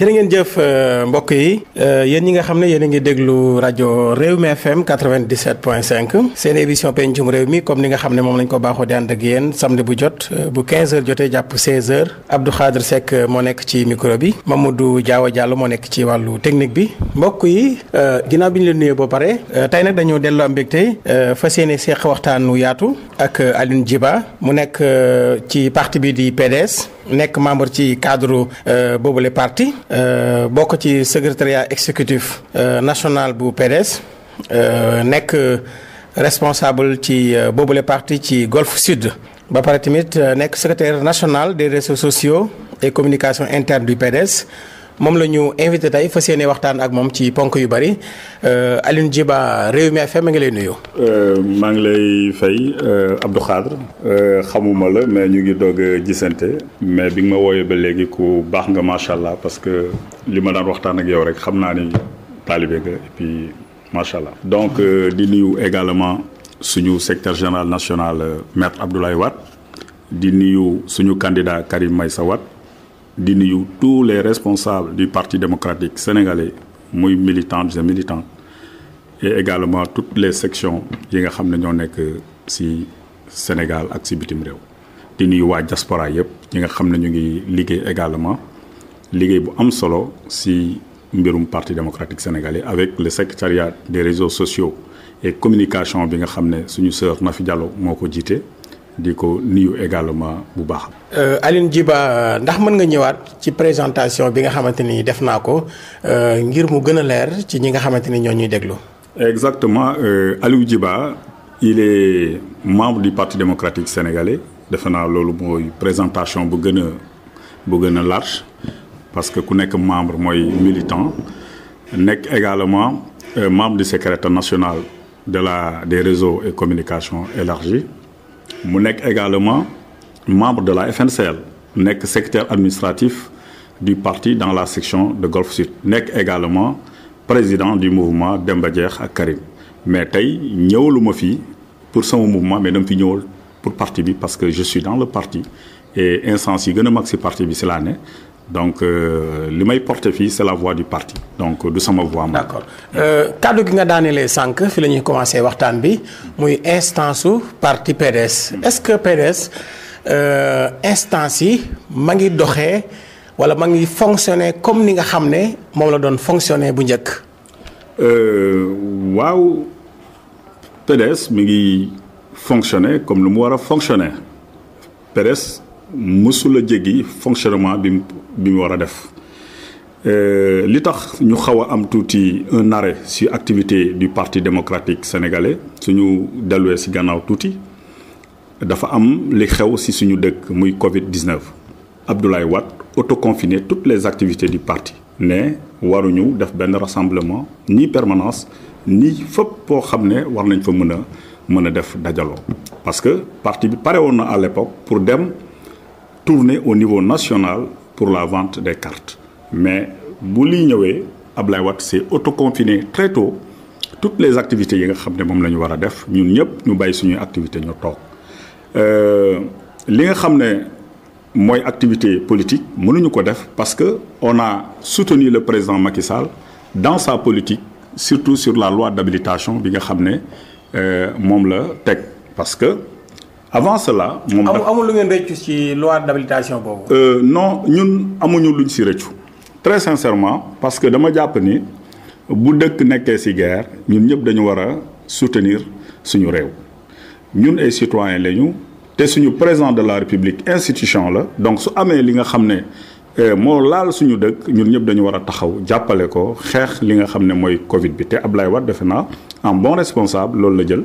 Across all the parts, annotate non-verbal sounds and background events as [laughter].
jërë ngeen jëf euh, mbokk yi euh, yéen ñi nga xam ne yéen a ngi déglu rajo réew mi FM 97.5 seen émission pencum réew mi comme ni nga xam ne moom lañ ko baaxoo di ànd ak yéen samedi bu jot euh, bu 15h jotee jàpp 16h Abdou Khadre moo nekk ci micro bi Mamadou Diawa Diallo moo nekk ci wàllu technique bi mbokk yi ginnaaw bi ñu leen nuyee ba pare tey nag dañoo dellu am mbégte fa yéene seq waxtaanu yaatu ak Alioune Djiba mu nekk ci parti bi di PDS nekk membre ci cadre boobule parti. Euh, bokk ci secrétariat exécutif euh, national bu PDS euh, nekk responsable ci boobule parti ci Golfe Sud. ba pare tamit nekk secrétaire national des réseaux sociaux et communication interne du PDS. moom la ñu invité tey fas yéene waxtaan ak moom ci ponk yu bari euh, Alioune Djiba Rewmi FM a ngi lay nuyu. Euh, maa ngi lay fay euh, Abdou Khadre xamuma la mais ñu ngi doog a gisante mais bi nga ma wooyee ba léegi ku baax nga macha allah parce que li ma daan waxtaan ak yow rek xam naa ni taalibe nga et puis macha allah. donc di nuyu également suñu secteur général national maître Abdoulaye Wade di nuyu suñu candidat Karim Meïssa Wade di nuyu tous les responsables du parti démocratique sénégalais muy militantes et militants et également toutes les sections yi nga xam ne ñoo nekk ci Sénégal ak ci bitim réew. di nuyu waa jaspora yëpp yi nga xam ne ñu ngi liggéey également liggéey bu am solo ci mbirum parti démocratique sénégalais avec le secrétariat des réseaux sociaux et communication bi nga xam ne suñu sœur fi Diallo moo ko jiite. di ko nuyu également bu baax. Euh, Aline Djiba ndax mën nga ñëwaat ci présentation bi nga xamante ni def naa ko euh, ngir mu gën a leer ci ñi nga xamante ni ñoo ñuy déglu. exactement euh, Aliou Djiba il est membre du parti démocratique sénégalais def naa loolu mooy présentation bu gën a bu gën a large parce que ku nekk membre mooy militant nekk également euh, membre du secrétaire nationale de la des réseaux et communication élargis mu nekk également membre de la FNCL nekk secteur administratif du parti dans la section de Golf Sud nekk également président du mouvement Demba Jeex ak Karim mais tey ñëwalu ma fii pour sama mouvement mais dama fi ñëwal pour parti bi parce que je suis dans le parti et instance yi gën a mag si parti bi si laa ne donc euh, li may porte fii c'est la voix du parti donc euh, du sama voix. d'accord euh, kàddu gi nga daanelee sànq fi la ñuy commencé waxtaan bi muy instance su parti PDS. Hmm. est-ce que PDS instance yi ma ngi doxee wala ma ngi fonctionner comme ni nga xam ne moom la doon fonctionner bu njëkk. waaw PDS mi ngi fonctionner comme lu mu war a fonctionner PDS mësula jéggi fonctionnement bi. bi mu war a def euh, li tax ñu xaw a am tuuti un arrêt ci activité du parti démocratique sénégalais suñu delluwee ci gannaaw tuuti dafa am li xew ci suñu dëkk muy Covid 19 Abdoulaye Wade autoconfiné toutes les activités du parti ne waruñu def benn rassemblement ni permanence ni fap boo xam ne war nañ fa mën a mën a def dajaloo parce que parti bi pare woon na à l'époque pour dem tourner au niveau national pour la vente des carte mais bu lii ñëwee Ablaye Wade s'est autoconfiné très tôt toutes les activités yi nga xam ne moom la ñu war a def ñun ñëpp ñu bàyyi suñuy activité ñu toog euh, li nga xam ne mooy activités politique mënuñu ko def parce que on a soutenu le président Macky Sall dans sa politique surtout sur la loi d'habilitation bi nga xam ne euh, moom la teg parce que avance cela. moom amul lu ngeen rëccu ci loi d'habilitation boobu. Euh, non ñun amuñu luñ si rëccu. très sincèrement parce que dama jàpp ni bu dëkk nekkee si guerre ñun ñëpp dañu war a soutenir suñu réew ñun ay citoyens lañu te suñu président de la république institution la donc su amee li nga xam ne euh, moo laal suñu dëkk ñun ñëpp dañu war a taxaw jàppale ko xeex li nga xam ne mooy Covid bi te Ablaye Wade defe naa en bon responsable loolu la jël.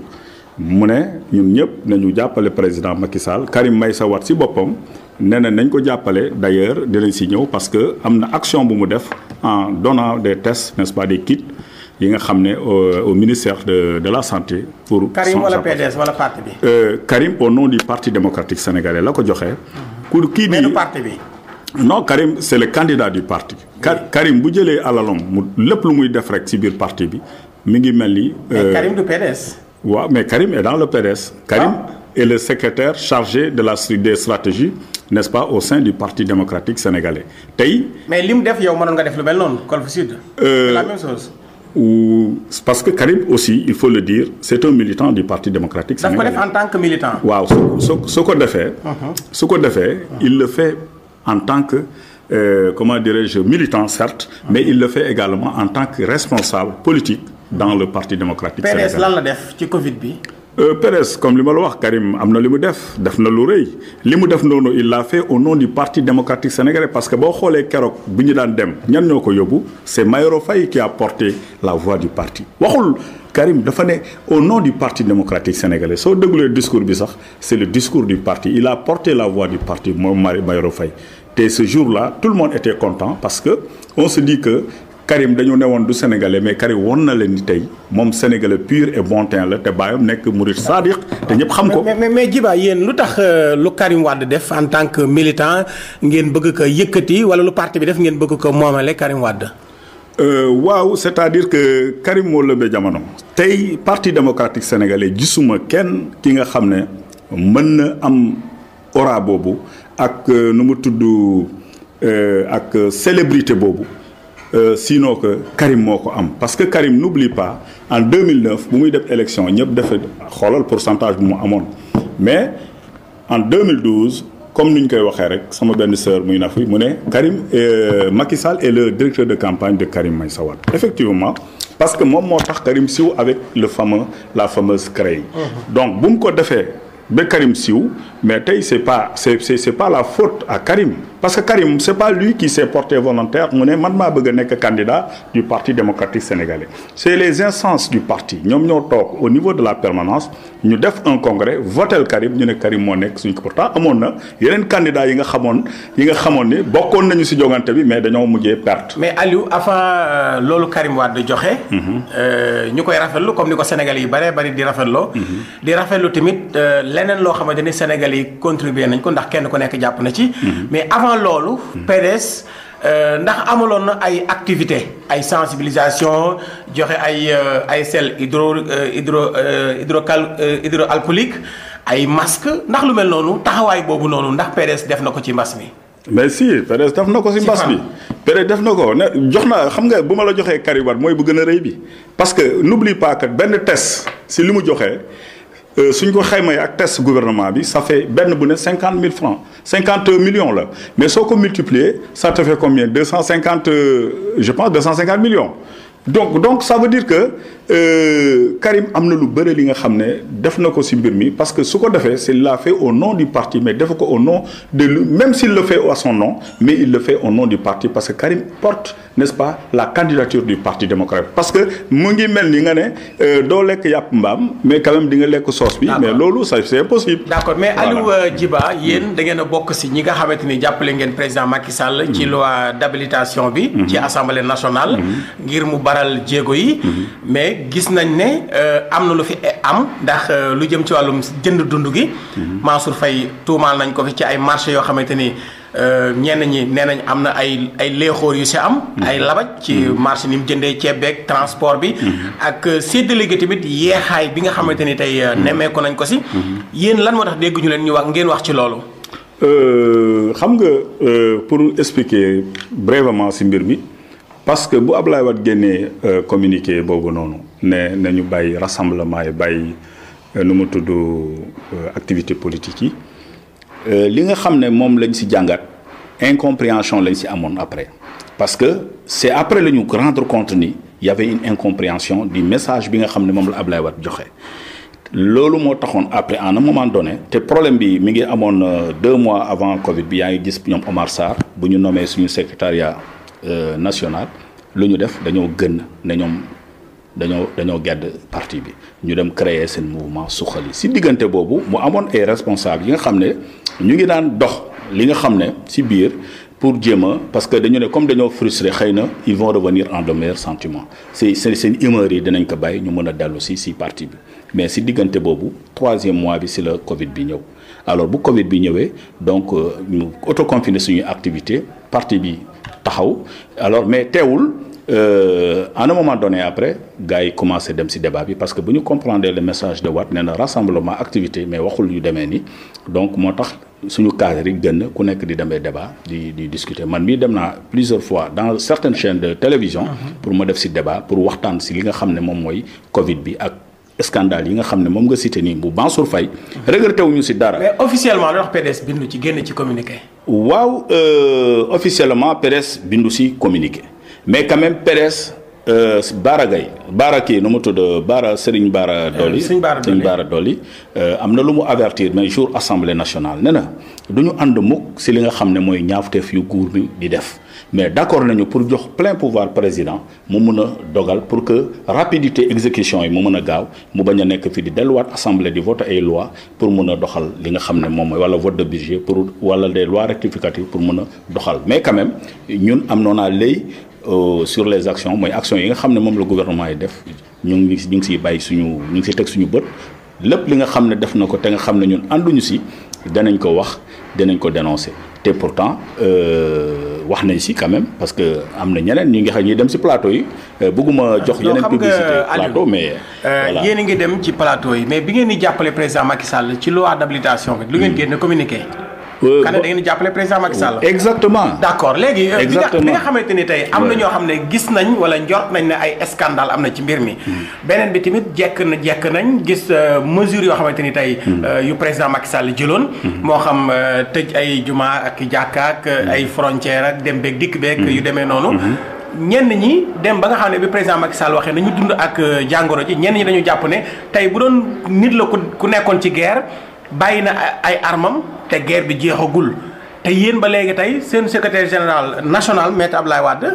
mu ne ñun ñëpp nañu jàppale président Macky Sall Karim Meïssa Wade si boppam nee na nañ ko jàppale d' ailleurs dinañ si ñëw parce que am na action bu mu def en donnant des tests n'est-ce pas des kits yi nga xam ne euh, au ministère de la santé. pour Karim wala PDS wala parti bi. Euh, Karim au nom du parti démocratique sénégalais la ko joxe. Mhm. pour kii di parti bi. non Karim c' le candidat du parti. Karim bu jëlee alalom mu lépp lu muy def rek si biir partie bi mi ngi mel ni. Euh, Karim du PDS. waaw mais Karim est dans le PDS. Karim ah. le secrétaire chargé de la des stratégies n'est-ce pas au sein du Parti démocratique sénégalais tey. mais li mu def yow ma mënoon nga def lu mel noonu Golf euh, parce que Karim aussi il faut le dire c'est un militant du Parti démocratique sénégalais. daf ko def en tant que militant. waaw su su ko defee. Uh-huh. su ko defee il le fait en tant que. Euh, comment dirais-je militant certes, uh-huh. mais il le fait également en tant que responsable politique dans le parti démocratique sénégalais PDS lan la def ci Covid bi. Euh, Pérez comme li ma la wax Karim am na li mu def def na lu rëy li mu def noonu il l'a fait au nom du parti démocratique sénégalais parce que boo xoolee keroog bi ñu daan dem ñan ñoo ko yóbbu c'est Mayoro Faye qui a porté la voix du parti waxul Karim dafa ne au nom du parti démocratique sénégalais soo déglulee discours bi sax c'est le discours du parti il a porté la voix du parti moom Mayoro Faye te ce jour-là tout le monde était content que on se Karim dañu woon du sénégalais mais Karim won na leen ni tey moom sénégalais pur et bon la te baayam nekk murid sadiq te ñëpp xam ko. mais mais Djiba yéen lu tax euh, lu Karim Wade def en tant que militant ngeen bëgg ko yëkkati wala lu parti bi def ngeen bëgg ko moomale Karim Wade. Euh, waaw c'est-à-dire que Karim moo lëmbee jamono. tey parti démocratique sénégalais gisuma kenn ki nga xam ne mën na am aura boobu ak euh, nu mu tudd ak célébrité boobu. euh, sinon que Karim moo ko am parce que Karim n'oublie pas en 2009 bu muy def élection ñëpp dafa xoolal pourcentage bu mu amoon mais en 2012 comme ni ñu koy waxee rek sama benn sœur muy Nafi mu ne Karim euh, Macky Sall est le directeur de campagne de Karim Meïssa Wade effectivement parce que moom moo tax Karim siw avec le fameux la fameuse CREI uh-huh. donc bu mu ko defee ba Karim siw mais tey c'est pas c'est c'est pas la faute à Karim parce que Karim c'est pas lui qui s'est porté volontaire mu ne man maa bëgg a nekk candidat du parti démocratique sénégalais c'est les instances du parti ñoom ñoo toog au niveau de la permanence ñu def un congrès votel Karim ñu ne Karim moo nekk suñ ko pourtant amoon na yeneen candidats yi nga xamoon yi nga xamoon ni bokkoon nañu ci jogante bi mais dañoo mujjee perte. mais Aliou avant euh, loolu Karim Wade di joxe. Mhm. Euh, ñu koy rafetlu comme ni ko Sénégalais yi bëree bëri di rafetloo. Mhm. di rafetlu tamit euh, leneen loo xamante ni Sénégalais yi contribué nañ ko ndax kenn ku nekk jàpp na ci. Mhm. mais avant loolu. PDS euh, ndax amaloon na ay activité ay sensibilisation joxe ay euh, ay sel hydro euh, hydro hydrocal hydroalcoolique ay masque ndax lu mel noonu taxawaay boobu noonu ndax PDS def na ko ci mbas mi. mais si PDS def na ko si mbas bi PDS def na ko jox naa xam nga bu ma la joxee kariwaat mooy bu gën a rëy bi parce que n'oublie benn test si li mu joxee. Euh, suñ ko xaymay ak test gouvernement bi ça fait benn bu ne cinquante mille francs cinquante millions la mais soo ko multiplier ça te fait combien deux cent cinquante euh, je pense deux cent cinquante millions donc donc ça veut dire que euh, Karim am na lu bëre li nga xam ne def na ko si mbir mi parce que su ko defee c'est l'a fait au nom du parti mais def ko au nom de lui même s'il le fait à son nom mais au nom du parti parce que Karim porte n'est-ce pas la candidature du parti démocrate parce que mu ngi mel ni nga ne euh, doo lekk yàpp mbaam mais quand dinga lekk sauce bi mais loolu ça c'est impossible d'accord mais Aliou euh, Djiba yéen da ngeen a bokk ci ñi nga xamante ni jàppale ngeen président Macky Sall ci mm-hmm. loi d'habilitation bi mm-hmm. ci assemblée nationale mm-hmm. ngir waral jéego yi. Mhm. mais gis nañ ne euh, am na lu fi eh, am ndax euh, lu jëm ci wàllum jënd dund gi. Mhm. Mansour Faye tuumaal nañ ko fi ci ay marché yoo xamante ni euh, ñenn ñi nee nañ am na ay ay léexóor yu si am. Mhm. ay labaj ci marché ni mu jëndee ceeb beeg transport bi. ak séddale gi tamit yeexaay bi nga xamante ni tey nemmeeku nañ ko si. yéen lan moo tax ñu leen ñu wax ngeen wax ci loolu. xam nga pour expliquer brièvement si mbir mi. parce que bu Ablaye Wade génnee euh, communiqué boobu noonu ne nañu bàyyi rassemblement yi bàyyi euh, nu mu tudd euh, activité politique yi li nga xam ne moom lañ si jàngat incompréhension lañ si amoon après parce que c'est après la ñu rendre compte ni y avait une incompréhension du message bi nga xam ne moom la Ablaye wat joxe loolu moo taxoon après à un moment donné te problème bi mi ngi amoon deux mois avant Covid bi yaa ngi gis ñoom Omar Sarr bu ñu nommé suñu secrétariat Euh, nationale lu ñu def dañoo gën ne ñoom dañoo dañoo gedd parti bi ñu dem créer seen mouvement yi si diggante boobu mu amoon ay responsables yi nga xam ne ñu ngi daan dox li nga xam ne si biir pour jéem a parce que dañu ne comme dañoo frustré xëy na ils vont revenir en de meilleurs sentiments si seen seen yi dinañ ko bàyyi ñu mën a dellu si si parti bi mais si diggante boobu troisième mois bi si la Covid bi ñëw alors bu Covid bi ñëwee donc euh, ñu autoconfiné suñuy activité parti bi taxaw alors mais teewul euh, à un moment donné après gars yi commencé dem ci débat bi parce que bu ñu comprendre le message de Watt nee na rassemblement activité mais waxul yu demee ni donc moo tax suñu cadre yi gën ku nekk di demee débat di di discuter man mii dem naa plusieurs fois dans certaines chaînes de télévision. Mhm. pour ma def ci débat pour waxtaan ci li nga xam ne moom mooy Covid bi ak. scandale yi nga xam ne moom nga cité nii bu Mansour Faye regretté wuñu si dara. mais officiellement lu wax PDS bindu ci génn ci communiqué. waaw euh, officiellement PDS bindu si communiqué mais quand même PDS euh, Baara Gaye Baara kii nu mu tudd Baara Serigne Baara euh, Doli Serigne Baara Doli am na lu mu avertir mais jour assemblée nationale nee du ñu ànd mukk si li nga xam ne mooy ñaawteef yu guur bi di def. mais d' accord nañu pour jox plein pouvoir président mu mun a dogal pour que rapidité exécution yi mu mun a gaaw mu bañ a nekk fii di delluwaat assemblée di voter ay loi pour mun a doxal li nga xam ne moom mooy wala vote de budget pour wala des lois rectificatives pour mun a doxal mais quand même ñun am noonaa léy euh, sur les actions mooy action yi nga xam ne moom la gouvernement yi def ñu ngi ñu ngi siy bàyyi suñu ñu ngi siy teg suñu bët lépp li nga xam ne def na ko te nga xam ne ñun ànduñu si danañ ko wax danañ ko dénoncer te pourtant euh, wax nañ si quand même parce que am na ñeneen ñi nga xam ñuy dem si plateau yi euh, bëgguma jox yeneen publicité plateau mais euh, yéen a ngi dem ci palato yi mais bi ngeen di jàppale président Macky Sall ci loi d'habilitation bi lu ngeen génn communiqué Euh, Kane da ngeen di jàppale président Macky Sall. exactement d' accord léegi. Euh, exactement li nga xamante ni tey am na ñoo xam ne gis nañ wala njort nañ ne ay scandale am na ci mbir mi. Hmm. beneen bi tamit jekk na jekk nañ gis euh, mesure yoo xamante ni tey. Hmm. yu président Macky Sall jëloon. Hmm. moo xam tëj ay jumaa ak jàkk ak ay frontières ak dem beeg dikk beeg. yu demee noonu. ñenn ñi dem ba nga xam ne bi président Macky Sall waxee nañu dund ak jàngoro ji ñenn ñi dañu jàpp ne tey bu doon nit la ku nekkoon ci guerre. bàyyi na ay armam te guerre bi jeexagul te yéen ba léegi tey seen secretaire général national maître Abdoulaye Wade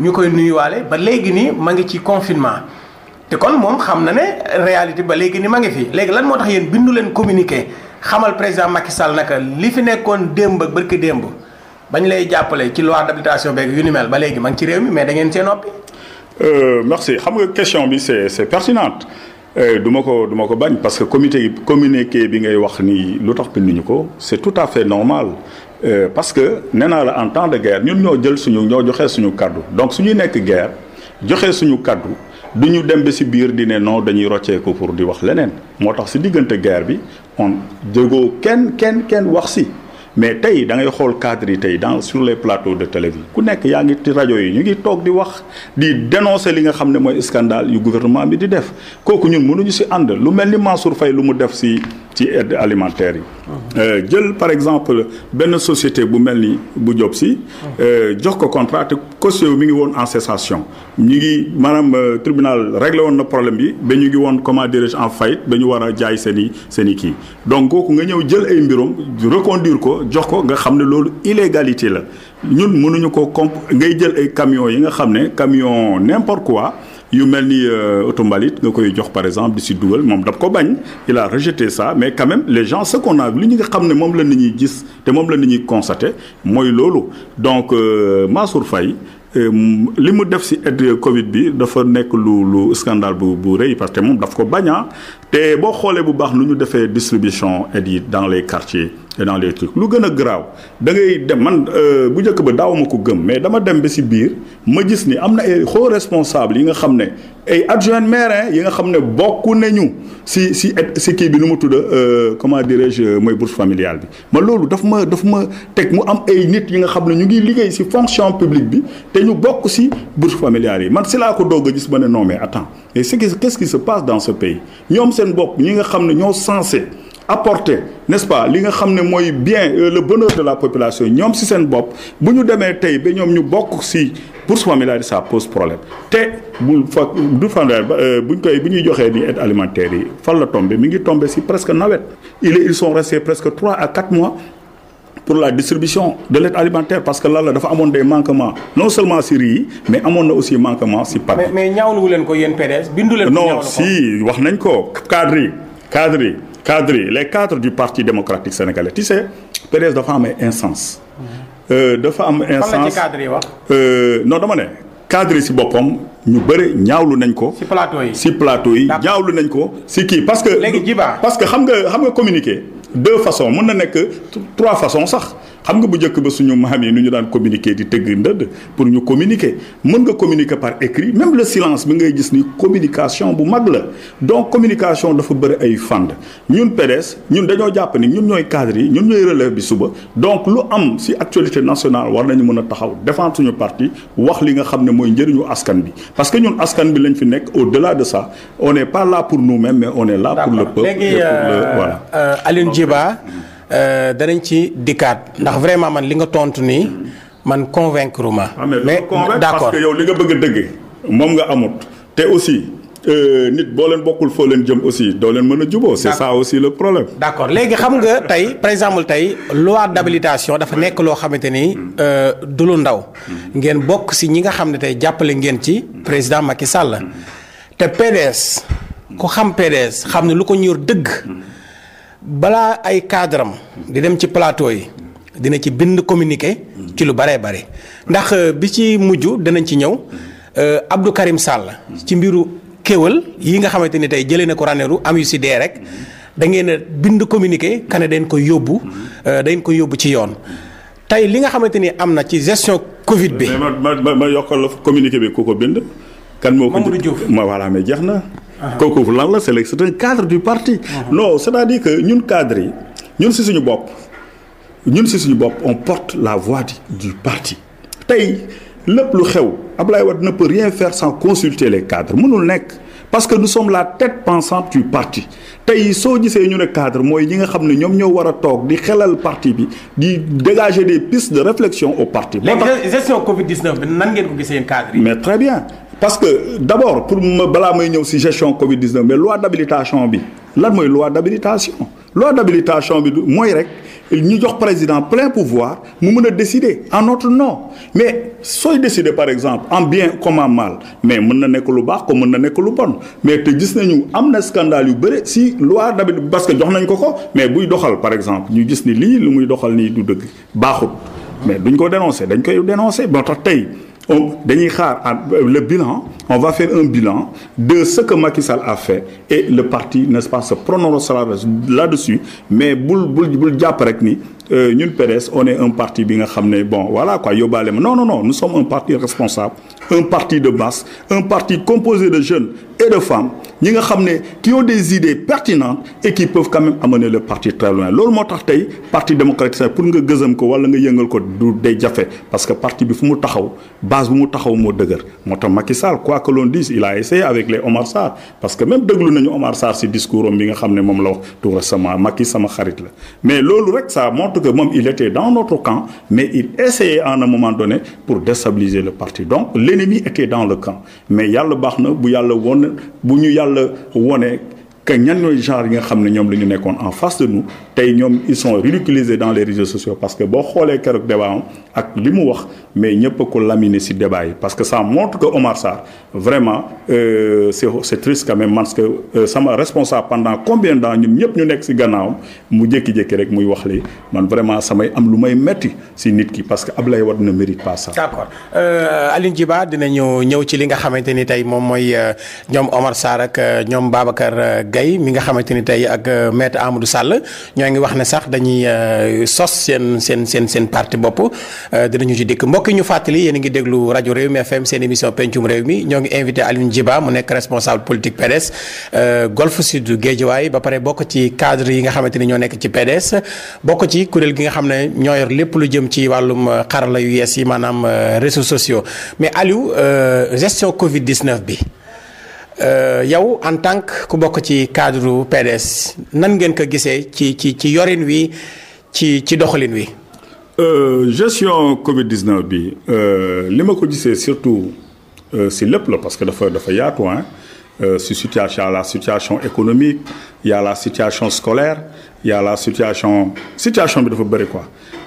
ñu koy nuyuwaale ba léegi nii ma ngi ci confinement te kon moom xam na ne réalité ba léegi ni ma ngi fi léegi lan moo tax yéen bindu leen communiqué xamal président Macky Sall naka li fi nekkoon démb ak barki démb bañ lay jàppale ci loi d'habilitation beeg yu ni mel ba léegi ma ngi ci réew mi mais da ngeen see noppi. Euh, merci xam nga question bi c'est c'est Eh, du ma ko duma ko bañ parce que comité communiqué bi ngay wax ni lu tax binduñu ko c'est tout à fait normal eh, parce que nee la en temps de guerre ñun ñoo jël suñu ñoo joxee suñu kaddu donc suñuy nekk guerre joxe suñu kàddu du ñu dem ba si biir di ne non dañuy rocceeku pour di wax leneen moo tax si diggante guerre bi on jógoo kenn kenn kenn wax si mais tey da ngay xool cadre yi tey dans sur les plateaux de télévision ku nekk yaa ngi ci rajo yi ñu ngi toog di wax di dénoncer li nga xam ne mooy scandale yu gouvernement bi di def kooku ñun mënuñu si ànd lu mel ni Mansour fay lu mu def si ci aide alimentaire yi. Ah. Euh, jël par exemple benn société bu mel ni bu job si. Ah. Euh, jox ko contrat te caution mi ngi woon en cessation ñu ngi maanaam euh, tribunal réglé woon na problème bi ba ñu ngi woon comment dirais en faillite ba ñu war a jaay seen i seen i kii donc nga ñëw jël ay mbirom reconduire ko. jox ko nga xam ne loolu illégalité la ñun munuñu ko comp ngay jël ay camions yi nga xam ne camion n'importe quoi yu mel ni oto euh, mbalit nga koy jox par exemple di si dugal moom daf ko bañ il a rejeté mais quand même les gens ce ñu nga xam ne moom la nit ñuy gis te moom la nit ñuy constaté mooy loolu donc euh, Mansour Faye euh, li mu def si aide Covid bi dafa nekk lu lu scandale bu bu rëy parce que moom daf ko bañaa ah. te boo xoolee bu baax nu ñu defee distribution aide yi dans les quartiers te les lu gën a garaaw da ngay dem man euh, bu njëkk ba daawuma ko gëm mais dama dem ba si biir ma gis ni am na ay xoo responsable yi nga xam ne ay adjoint maire yi nga xam ne bokk nañu si si si kii bi nu mu tudda euh, comment dirais-je mooy bourse familiale bi ma loolu daf ma daf ma teg mu am ay nit yi nga xam ne ñu ngi liggéey si fonction publique bi te ñu bokk si bourse familiale yi man si laa ko dogg a gis ma ne non mais attends et ce qu'est-ce qui se passe dans ce pays seen bopp ñi nga xam ne ñoo censé apporter n'est-ce li nga xam ne mooy bien euh, le bonheur la population ñoom si seen bopp bu ñu demee tey be ñoom ñu bokk si bourse familiale ça pose problème te bu fa du fanweer ba euh, bu ñu koy bu ñuy joxee ni aide alimentaire yi fan la tombé mi ngi tombé si presque nawet il ils sont presque trois à quatre mois pour la distribution de l'aide alimentaire parce que lan la dafa amoon des manquements non seulement si riz yi mais amoon na aussi manquement si pàcc. mais mais ñaawlu leen ko yéen PDS bindu leen. wax nañ ko cadre yi cadre cadres yi les cadres du parti démocratique sénégalais tu sais PDS dafa am ay instance dafa am instance mhm. euh, euh, non dama ne cadres yi si boppam ñu bëri ñaawlu nañ ko. si plateau yi si plateau yi ñaawlu nañ ko si kii parce que. léegi parce que xam nga xam nga communiquer deux façons mën na nekk trois façons sax. xam nga bu njëkk ba suñu maam yi nu ñu daan communiquer di tëgg ndëdd pour ñu communiquer mën nga communiquer par écrit même le silence bi ngay gis ni communication bu mag la donc communication dafa bëri ay fànn ñun PDS ñun dañoo jàpp ni ñun ñooy cadre yi ñun ñooy relève bi suba donc lu am si actualité nationale war nañu mën a taxaw défendre suñu parti wax li nga xam ne mooy njëriñu askan bi parce que ñun askan bi lañ fi nekk au-delà de ça on n'est pas là pour nous-mêmes mais on est là pour Euh, danañ ci dikkaat ndax vraiment man li nga tontu nii man convaincre ma. Ah, mais d'accord parce que yow li nga bëgg a dëgg moom nga amut te aussi. Euh, nit boo leen bokkul foo leen jëm aussi doo leen mën a juboo c'est ça aussi le problème. d'accord léegi xam nga tey par exemple tey loi d'habilitation dafa nekk loo xamante ni mm. euh, du lu ndaw mm. ngeen bokk si ñi nga xam ne tey jàppale ngeen ci mm. président Macky Sall te PDS ku xam PDS xam ne lu ko ñuur dëgg. balaa ay cadre di dem ci plateau yi dina ci bind communique ci lu baree bare ndax euh, bi ci mujj danañ ci ñëw euh, Abdou Karim Sall ci mbiru kéwal yi nga xamante ni tey jëlee na ko raneeru am yu si dee rek da ngeen bind communiqué kane dañ ko yóbbu euh, dañ ko yóbbu ci yoon tey li nga xamante ni am na ci gestion Covid bi. ma ma ma yokkal la communiqué bi ku ko bind. kan moo ko Mamadou ma voilà mais jeex na. kooku lan la c'est c'est un cadre du parti. Uh-huh. non c'est-à-dire que ñun cadre yi ñun si suñu bopp ñun si suñu bopp on porte la voix du parti tey lépp lu xew Ablaye Wade ne peut rien faire sans consulter les cadres mënul nekk. parce que nous sommes la tête pensante du parti tey soo gisee ñu ne cadre mooy ñi nga xam ne ñoom ñoo war a toog di xelal parti bi di dégager de pistes de réflexion au parti. moo tax gestion Covid 19 bi nan ngeen ko gisee cadre yi. mais très parce que d' abord pour ma balaa may ñëw si gestion Covid 19 mais loi d' bi lan mooy loi d' habilitation loi d' bi mooy rek ñu jox président plein pouvoir mu mën a décider en notre nom mais sooy décider par exemple en bien comme en mal mais mën na nekk lu baax ko mën na nekk lu bon mais te gis nañu am na scandale yu bëre si loi d' habilitation parce que jox nañ ko ko mais buy doxal par exemple ñu gis ni lii lu muy doxal nii du dëgg baaxut mais duñ ko dénoncer dañ koy dénoncer ba tax tey. on dañuy xaar euh, le bilan on va faire un bilan de ce que Macky Sall a fait et le parti n'est-ce pas se prononcera là-dessus mais bul bul bul jàpp rek ni euh, ñun PDS on est un parti bi nga xam ne bon voilà quoi yóbbaale ma non non non nous sommes un parti responsable un parti de base un parti composé de jeunes et de femmes ñi nga xam ne qui ont des idées pertinentes amener le parti très loolu moo tax tey parti démocratique pour nga gësam ko wala nga yëngal ko du day jafe parce que parti bi fu mu taxaw base bu mu taxaw moo dëgër moo tax Macky Sall quoi que l'on dise il a essayé avec les Omar Sarr parce que même déglu nañu Omar Sarr si discours am bi nga xam ne moom la wax tout récemment Macky sama xarit la mais loolu rek ça montre que moom il était dans notre moment donné pour déstabiliser le parti donc l'ennemi était le camp bu ñu yàlla wone que ñan ñooy genre yi nga xam ne ñoom la ñu nekkoon en face de nous tey ñoom ils sont ridiculisés dans les réseaux sociaux parce que boo xoolee keroog débat ak li mu wax mais ñëpp a ko laminé ci débat yi parce que ça montre que Omar Sarr vraiment euh, triste quand même euh, sama responsable pendant combien de temps ñëpp ñu nekk ci gannaawam mu jékki-jékki rek muy wax lii man vraiment samay am lu may metti ci nit ki parce que Ablaye Wade ne mérite pas ça. a euh, Aline Gueye mi nga xamante ni tey ak euh, maître Amadou Sall ñoo ngi wax ne sax dañuy euh, sos seen seen seen seen parti bopp euh, dinañu ci dikk mbokk ñu fàttali yéen a ngi déglu rajo réew mais FM seen émission pencum réew mi ñoo ngi invité Alioune Djiba mu nekk responsable politique PDS Golf Sud Guédiawaye ba pare bokk ci cadre yi nga xamante ni ñoo nekk ci PDS bokk ci kuréel gi nga xam ne ñoo yor lépp lu jëm ci wàllum xarala yu yees yi maanaam réseaux sociaux mais Aliou gestion bi. Euh, yow en tant que ku bokk ci cadre PDS nan ngeen ko gisee ci ci ci yorin wi ci ci doxalin wi. Euh, gestion Covid 19 bi euh, li ma ko gisee surtout si lépp la parce que dafa dafa yaatu ah si situation la situation économique y la situation scolaire y la situation situation bi dafa bëri quoi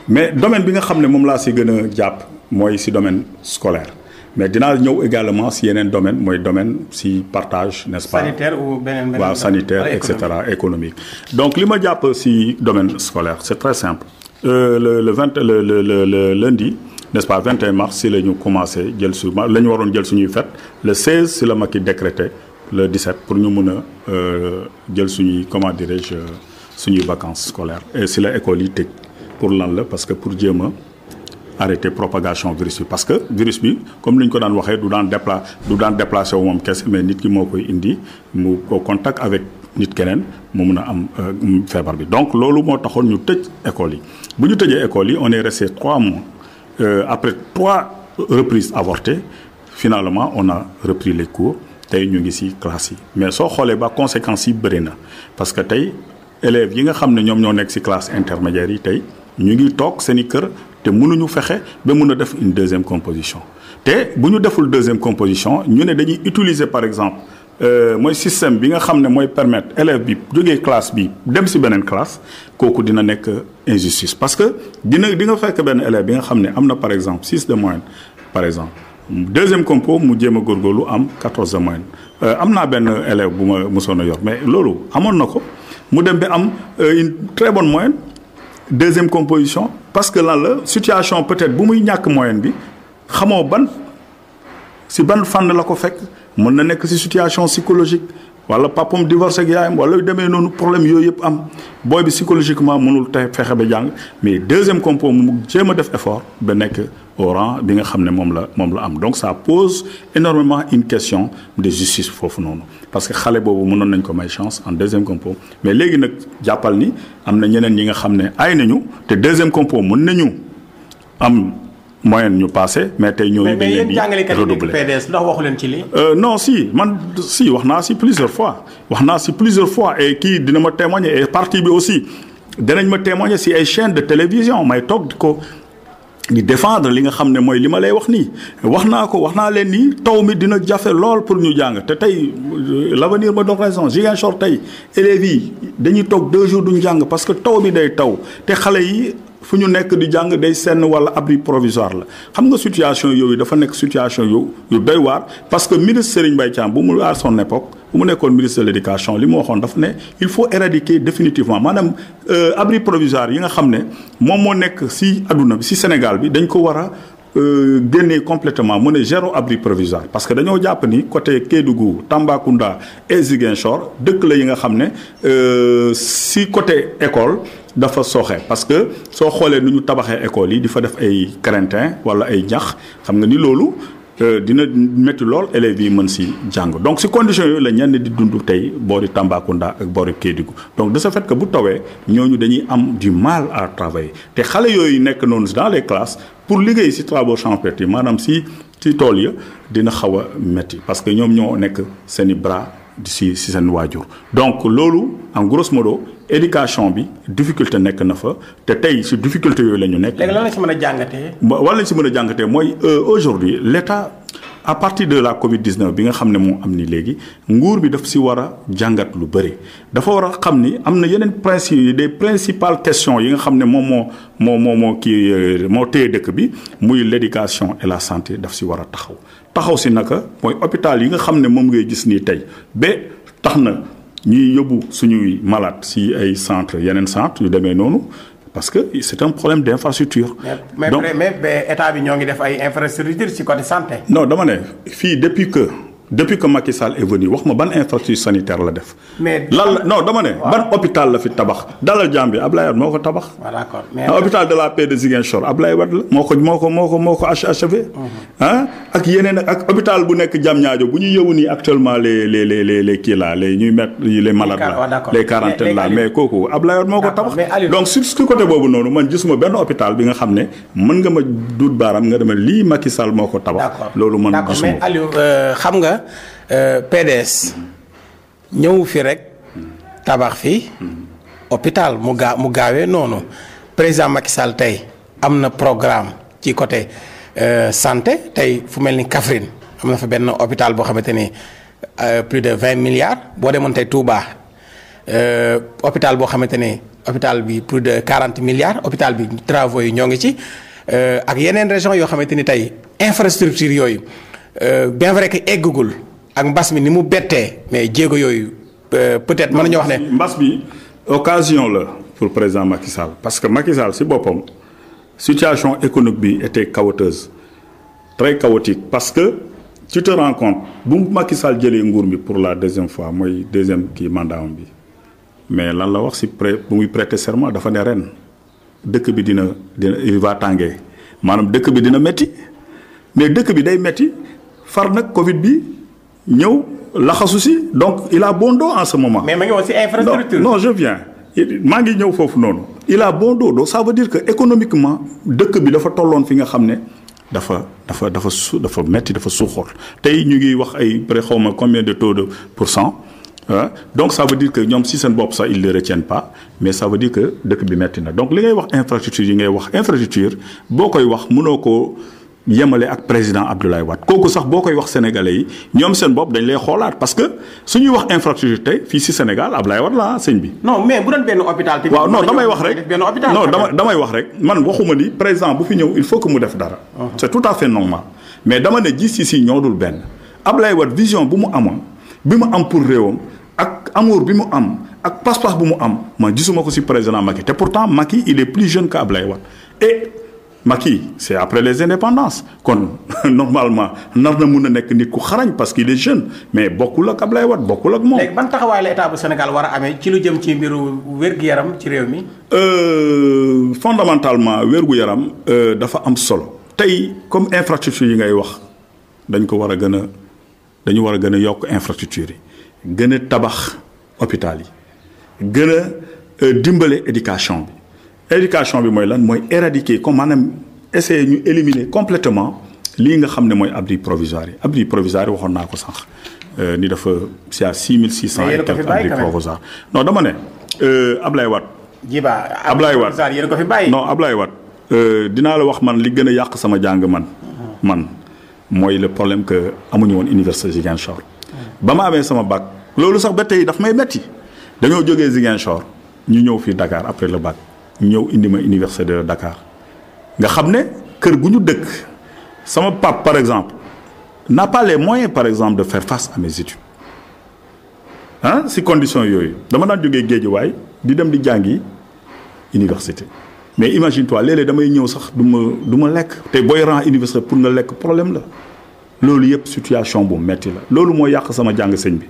mais domaine bi nga xam ne moom laa si gën a jàpp mooy si domaine scolaire. mais dinaa ñëw également si yeneen domaine mooy domaine si partage n'est-ce pas sanitaire ou beneen waaw sanitaire et cetera économique donc li ma jàpp si domaine scolaire c'est très simple euh, le le vingt le le le, le lundi n'est-ce pas 21 mars si la ñu commencé jël su la ñu waroon jël suñuy fet le 16 si la Macky décrété le 17 pour ñu mën a euh, jël suñuy comment dirais-je suñuy vacances scolaires et si la école yi teg pour lan la parce que pour jéem arrêter propagation virus bi parce que virus bi comme ni ko daan waxee du daan dépla du daan déplacé wu moom kese mais nit ki moo koy indi mu ko contact avec nit keneen mu mun a am euh, feebar bi donc loolu moo taxoon ñu tëj école yi bu ñu tëjee école yi on est resté trois mois euh, après trois reprises avortées finalement on a repris les cours tey ñu ngi ci classe yi mais soo xoolee ba conséquence yi bëri na parce que tey élèves yi nga xam ne ñoom ñoo nekk ci classe yi tey ñu ngi toog seen i kër te mënuñu fexe ba mun a def une deuxième composition te bu ñu deful deuxième composition ñu ne dañuy utiliser par exemple euh, mooy système bi nga xam ne mooy permettre élève bi jógee classe bi dem si beneen classe kooku dina nekk injustice parce que dina di nga fekk benn élève bi nga xam ne am na par exemple six de moyenne par exemple deuxième compo mu jéem a lu am quatorze de euh, am naa benn élève bu ma mosoon a yor mais loolu amoon na ko mu dem bi am euh, une très bonne deuxième composition parce que lan la situation peut-être bu muy ñàkk moyenne bi xamoo ban si ban fànn la ko fekk mën na nekk si situation psychologique wala papam divorce ak yaayam wala demee noonu problème yooyu yëpp am booy bi psychologiquement mënul te fexe ba jàng mais deuxième compo mu jéem a def effort ba nekk au rang bi nga xam ne moom la moom la am donc ça pose énormément une question de justice foofu noonu parce que xale boobu mënoon nañ ko may chance en deuxième compo mais léegi nag jàppal ni am na ñeneen ñi nga xam ne ay nañu te deuxième compo mën nañu moyenne ñu passé mais tey ñooñu. dañ leen di redoublé mais ndax waxu leen ci lii. Euh, non si man si wax naa si plusieurs fois wax naa si plusieurs fois et kii dina ma témoigner et parti bi aussi danañ ma témoigner si ay chaînes de télévision may toog di ko di défendre li nga xam ne mooy li ma lay wax nii. wax naa ko wax naa leen nii taw mi dina jafe lool pour ñu jàng te tey euh, l' avenir ma doon raison Ziguinchor tey élèves yi dañuy toog deux jours duñu jàng parce que taw bi day taw te xale yi. fu ñu nekk di jàng day senn wala abri provisoire la xam nga situation yooyu dafa nekk situation yu yu doy waar parce que ministre Serigne Mbaye Thiam bu mu à son époque bu mu nekkoon ministre de l' éducation li mu waxoon dafa ne il faut éradiquer définitivement maanaam euh, abri provisoire yi nga xam ne moom moo nekk si adduna bi si Sénégal bi dañ ko war a euh, génnee complètement mu ne zéro abri provisoire parce que dañoo jàpp ni côté Kédougou Tambacounda et Ziguinchor dëkk yi nga xam ne euh, si côté école dafa soxe parce que soo xoolee nu ñu tabaxee école yi di fa def ay carentin wala ay ñax xam nga ni loolu euh, dina métti lool élèves yi mën si jàng donc si condition yooyu la ñenn di dund tey boori Tambacounda ak boori Kédougou donc de ce fait bu tawee ñooñu dañuy am du mal à travailler te xale yooyu nekk noonu dans les classes pour liggéey si travaux champêtres yi maanaam si si tool ya dina xaw a métti parce que ñoom ñoo nekk seen i bras si si seen waajur donc loolu en grosso modo éducation bi difficulté nekk na fa te tey su difficulté yooyu la ñu nekk. léegi la si mën a jàngatee. wala si mën a jàngatee mooy euh, aujourd'hui l'État à partir de la Covid 19 bi nga xam ne moo am ni léegi nguur bi daf si war a jàngat lu bëri dafa war a xam ni am na yeneen principes yi des principales questions yi nga xam ne moom moo moo moo moo kii euh, moo téye dëkk bi muy l'éducation et la santé daf si war a taxaw. taxaw si naka mooy hôpital yi nga xam ne moom ngay gis nii tey ba tax na ñuy yóbbu suñuy malaat si ay centre yeneen centre yu demee noonu parce que c'est un problème d'infrastructure. mais donc mais état bi ñoo ngi def ay infrastructure ci côté santé. non dama ne fii depuis que. depuis que Macky Sall wax ma ban infrastructure sanitaire la def. mais lan la non dama ne. ban hôpital la fi tabax. dalal jàmm bi Ablaye Wade moo ko tabax. waaw d'accord ah, hôpital de la paix de Ziguinchor Ablaye Wade la moo ko moo ko moo ko moo ko achevé. Mhm. Ah, ak yeneen ak hôpital bu nekk Diamniadio bu ñu yëwu nii actuellement les les les les kii là les ñuy mettre les malades là les quarantaines là mais kooku Ablaye Wade moo ko tabax. donc sur ce côté boobu noonu man gisuma benn hôpital bi nga xam ne mën nga ma duut baaraam nga demee lii Macky Sall moo ko tabax. loolu man gisuma euh, xam nga la euh, PDS ñëw fi rek tabax fi hôpital mu gaa mu gaawee noonu président Macky Sall tey am na programme ci côté euh, santé tey fu mel ni Kaffrine am na fa benn hôpital boo xamante ni euh, plus de vingt milliards boo demoon tey Touba hôpital boo xamante ni hôpital bi plus de quarante milliards hôpital bi travaux yi ñoo ngi ci ak yeneen région yoo xamante ni tey infrastructure yooyu. Euh, bien vrai que eggagul ak mbas mi ni mu bettee mais jéego yooyu euh, peut-être mën nañoo wax ne. mbas bi occasion la pour présent Macky parce que Macky si boppam situation économique bi était chaotique très chaotique parce que tu te rends bu Macky Sall jëlee nguur bi pour la deuxième fois mooy deuxième kii mandat bi mais lan la wax si pré bu muy prêter serment dafa ne ren dëkk bi dina dina il va maanaam dëkk bi dina métti mais dëkk bi day métti. far nag Covid bi ñëw laxasu si donc il a bon dos en ce moment. mais ma ngi woon si infrastructure. non je viens maa ngi ñëw foofu noonu. il a bon dos ça veut dire que économiquement dëkk bi dafa tolloon fi nga xam ne. dafa dafa dafa su dafa metti dafa suuxoon tey ñu ngi wax ay pré xaw ma combien de taux de pour cent donc ça veut dire que ñoom si seen bopp sax ils le retiennent pas mais ça veut dire que dëkk bi metti na donc li ngay wax infrastructure yi ngay wax infrastructure boo koy wax mënoo ko yemale ak président Abdoulaye Wade kooku sax boo koy wax sénégalais yi ñoom seen bopp dañ lay xoolaat parce que suñuy wax infrastructure tey fii si Sénégal ab lay Wade la ah, sëñ bi. no mais bu doon benn hôpital. waaw non damay wax rek non dama damay wax rek man waxuma ni président bu fi ñëw il faut que mu def dara. Uh-huh. c' est mais dama ne gis-gis si ñoodul benn Abdoulaye Wade vision bu mu amoon bi mu am pour réewam ak amour bi mu am ak pas-pas bu mu am ma gisuma ko si président Macky te pourtant Macky il est plus jeune que Abdoulaye Wade et Macky c'est après les indépendances kon [laughs] normalement nar na mun a nekk nit ku xarañ parce qu'il est jeune mais bokkul ak lay wat bokkul ak moom. léegi ban taxawaay la état bu war a amee ci lu jëm ci mbiru wér-gu-yaram ci réew mi. Euh, fondamentalement wér-gu-yaram euh, dafa am solo. tey comme infrastructure yi ngay wax dañ ko war a gën a dañu war a gën a yokk infrastructure yi gën a tabax hôpital yi gën a euh, dimbale éducation bi. éducation bi mooy lan mooy éradiquer comme maanaam essayer ñu éliminer complètement lii nga xam ne mooy abri provisoire yi abri provisoire yi waxoon naa ko sànq euh, ni dafa c'est à 6600 et quelques abri provisoire non dama ne euh, Ablaye Wade jiba Ablaye Wade yéen ko fi bàyyi non Ablaye Wade euh, dinaa la wax man li gën a yàq sama jàng man man mooy le problème que amuñu woon université Ziguinchor ba ma amee sama bac loolu sax ba tey daf may metti dañoo jógee Ziguinchor ñu ñëw fii dakaar après le bac ñëw indi ma université de dakaar nga xam ne kër gu ñu dëkk sama pap par exemple n'a pas les moyens par exemple de faire face à mes études ah si condition yooyu dama daan jógee géejuwaay di dem di jàngi université mais imagine toi léeg damay ñëw sax du ma du ma lekk te booy rang université pour nga lekk problème la loolu yëpp situation bu metti la loolu moo yàq sama jàng sëñ bi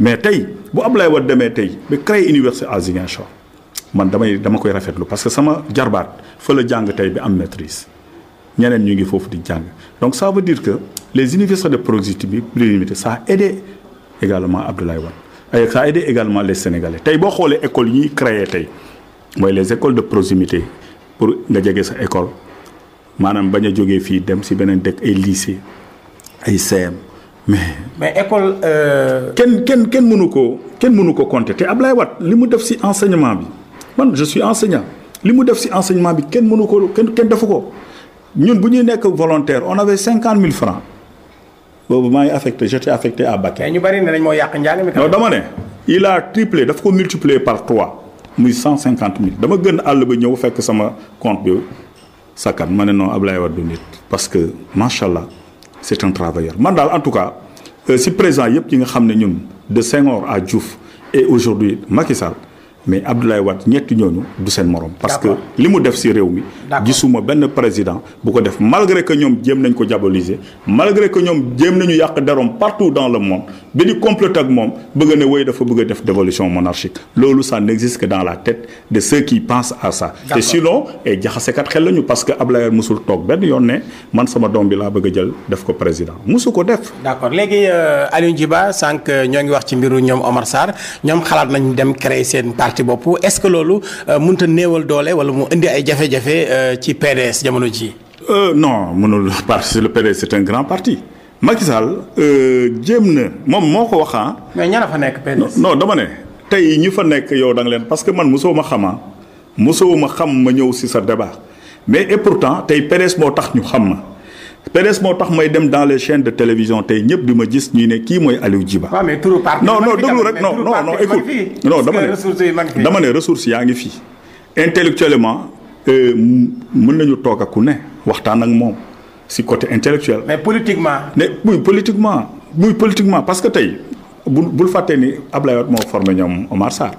mais tey boo ab Ablaye Wade demee tey ba créé université à Ziguinchor man damay dama koy rafetlu parce que sama jarbaat fa la jàng tey bi am maîtrise ñeneen ñu ngi foofu di jàng donc ça veut dire que les universités de proximité plurilimité ça a aidé également Abdoulaye Wade ay ça a aidé également les Sénégalais tey boo xoolee écoles yi ñuy créé tey mooy les écoles de proximité pour nga jege sa école maanaam bañ a jógee fii dem si beneen dëkk ay lycée ay CM mais. mais école. Euh, kenn kenn kenn mënu ko kenn mënu ko compter te Abdoulaye Wade li mu def si enseignement bi. man je suis enseignant li mu def ci enseignement bi kenn mënu ko kenn kenn defu ko ñun bu ñuy nekk volontaire on avait cinquante mille francs boobu maa ngi affecté j'étais affecté à Bakel. ñu bari ne dañ moo yàq njàng mi. non dama ne il a ko multiplié par trois muy cent cinquante mille dama gën àll ba ñëw fekk sama compte bi sakkan ma ne non Ablaye Wade du nit parce que macha allah c' est un travailleur man daal en tout cas euh, si présent yëpp yi nga xam ne ñun de Senghor à Diouf et aujourd'hui Macky Sall mais Abdoulaye Wade ñetti ñooñu du seen morom. parce que li mu def si réew mi. gisuma benn président bu ko def malgré que ñoom jéem nañ ko diaboliser malgré que ñoom jéem nañu yàq derom partout dans le monde bi di ak moom bëgg na wéy dafa bëgg def dévolution monarchique loolu sa n'existe que dans la tête de ceux qui pensent à ça. te sinon ay jaxasekat xel lañu parce que Abdoulaye Wade musul toog benn yoon ne man sama doom bi laa bëgg a jël def ko président musu ko def. d'accord léegi euh, Aliou Djiba sànq euh, ñoo ngi wax ci mbiru ñoom Omar Sarr ñoom xalaat nañ dem créer seen parti parti bopp est-ce que loolu euh, mënut a néewal doole wala mu indi ay jafe-jafe euh, ci PDS jamono ji euh, non mënul [laughs] parti le PDS c'est un grand parti. Macky Sall jéem na moom moo ko wax ah. mais ña fa nekk PDS. non dama ne tey ñu fa nekk yow da nga leen parce que man mosoo ma xama mosoo ma xam ma ñëw si sa débat mais et pourtant tey PDS moo tax ñu xam ma. PDS moo tax may dem dans les chaine de télévision tey ñëpp di ma gis ñuy ne kii mooy Aliou Djiba. waaw mais turu parti non non no rek non non non écoute. non dama ne dama yaa ngi fi intellectuellement euh, mën nañu toog ak waxtaan ak moom si côté intellectuel. mais ne muy politiquement muy politiquement parce que tey bu bul fàtte ni Ablaye Wade moo formé ñoom Omar Sarr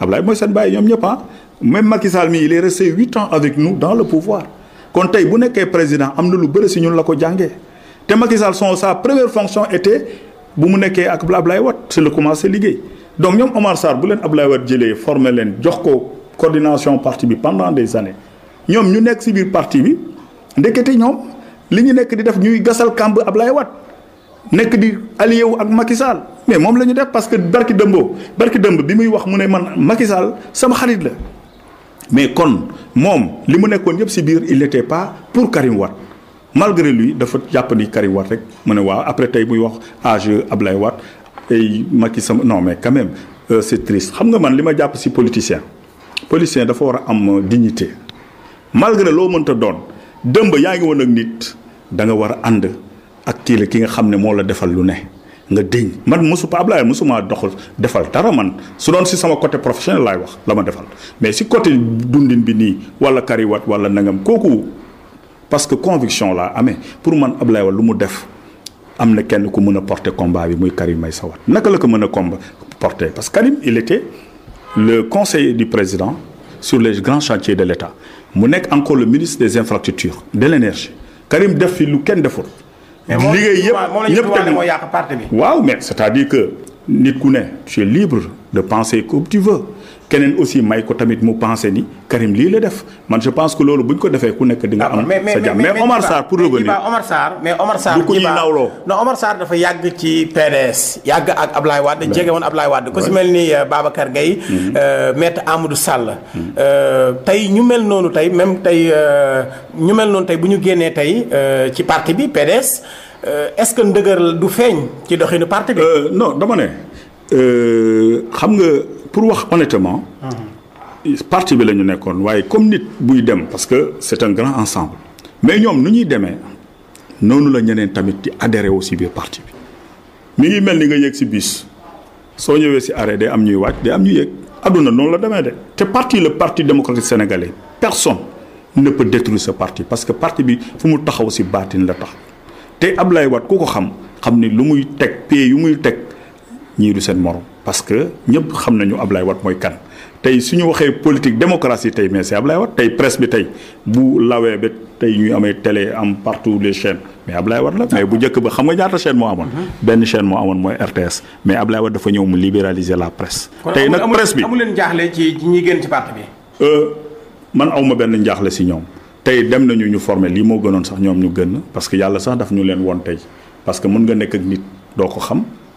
Ablaye mooy seen bàyyi ñoom ñëpp ah même Macky Sall mii il est resté huit ans avec nous dans le pouvoir. kon tey bu nekkee président am na lu bëri si ñun la ko jàngee te Macky Sall son sa première fonction été bu mu nekkee ak lay Wade si la commencé liggéey donc ñoom Omar Sarr bu leen Ablaye Wade jëlee formé leen jox ko coordination parti bi pendant des années ñoom ñu nekk si biir parti bi ndekete ñoom li ñu nekk di def ñuy gasal kàmb lay wat nekk di allié wu ak Macky mais moom la ñu def parce que barki dëmboo barki dëmb bi muy wax mu ne man Macky sama xarit la. mais kon moom li mu nekkoon yëpp si biir il n'était pas pour Karim malgré lui dafa jàpp ni Karim Wade rek mu ne waaw après tey muy wax âge Ablaye wat ay Macky sama non mais quand même euh, triste xam nga man li ma jàpp si politicien politicien dafa war a am dignité malgré loo mënta doon dëmb yaa ngi woon ak nit da nga war a ànd ak kii la ki nga xam ne moo la defal lu ne nga déñ man mosu pa Ablaye mosuma doxal defal dara man su doon si sama côté professionnel laay wax la ma defal mais si côté dundin bi nii wala kariwat wala nangam kooku parce que conviction laa amee pour man Ablaye Wade lu mu def am na kenn ku mën a porter combat bi muy Karim Meïssa Wade naka la ko mën a combat porté parce que Karim il était le conseiller du président sur les grands chantiers de l'État mu nekk encore le ministre des infrastructures de l'énergie Karim def fi lu kenn deful liggéey yëpp ñëpp tamit moo yàq parti bi waaw mais c'est-à-dire que nit ku ne tu es libre de penser comme tu veux keneen aussi may ko tamit mu pensé ni Karim lii la def man je pense que loolu bu ñu ko defee ku nekk di nga ah, am sa jàmm mais Omar Sarr pour revenir Omar Sarr mais Omar Sarr du ko ñuy nawloo non Omar Sarr dafa yàgg ci PDS yàgg ak Ablaye Wade jege woon Ablaye Wade ku si mel ni euh, Babacar Gueye mm-hmm. euh, maître Amadou Sall mm-hmm. euh, tey ñu mel noonu tey même tey ñu mel noonu tey bu ñu génnee tey ci parti bi PDS est-ce que ndëgër du feeñ ci doxinu parti bi non dama ne xam nga pour wax honnêtement. parti bi la ñu nekkoon waaye comme nit buy dem parce que c'est un grand ensemble. mais ñoom nu ñuy demee noonu la ñeneen tamit di adhéré aussi biir parti bi. mu ngi mel ni nga yéeg si bus soo ñëwee si arrêt day am ñuy wàcc de am ñu yéeg àdduna noonu la demee de. te parti le parti démocratique sénégalais personne ne peut détruire ce parti parce que parti bi fu mu taxaw si baatin la tax te Ablaye wat ku ko xam xam ni lu muy teg pay yu muy teg. ñii du seen morom parce que ñëpp xam nañu Ablaye Wade mooy kan tey suñu waxee politique démocratie tey mais c'est Ablaye Wade tey presse bi tey bu lawee ba tey ñu amee télé am partout les chaînes mais Ablaye Wade la mais bu njëkk ba xam nga ñaata chaîne moo amoon mm-hmm. benn chaîne moo amoon mooy RTS mais Ablaye Wade dafa ñëw mu libéraliser la presse tey nag presse bi leen jaaxle ci ñi gën euh, man awma benn njaaxle si ñoom tey dem nañu ñu former lii moo gënoon sax ñoom ñu gën parce que yàlla sax daf ñu leen woon tey parce mën nga nekk ak nit doo ko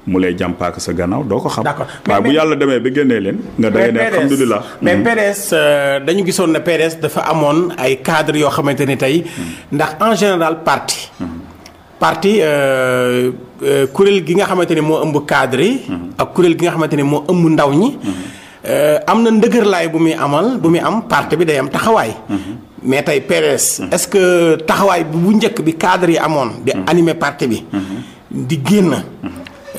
mu lay jàmpaaka sa gannaaw doo ko xam. d'accord waaye bu yàlla demee ba génnee leen. nga da ngeen ne alhamdulilah. mais hmm. PDS euh, dañu gisoon ne PDS dafa amoon ay cadres yoo xamante ni tey. ndax en général parti. Hmm. parti euh, euh, kuréel gi nga xamante ni moo ëmb cadre yi. Hmm. ak kuréel gi nga xamante ni moo ëmb ndaw ñi. am na ndëgërlaay bu muy amal bu muy am parti bi day am taxawaay. mais tey PDS. est-ce que taxawaay bu njëkk bi cadre yi amoon. di animer parti bi. di génn.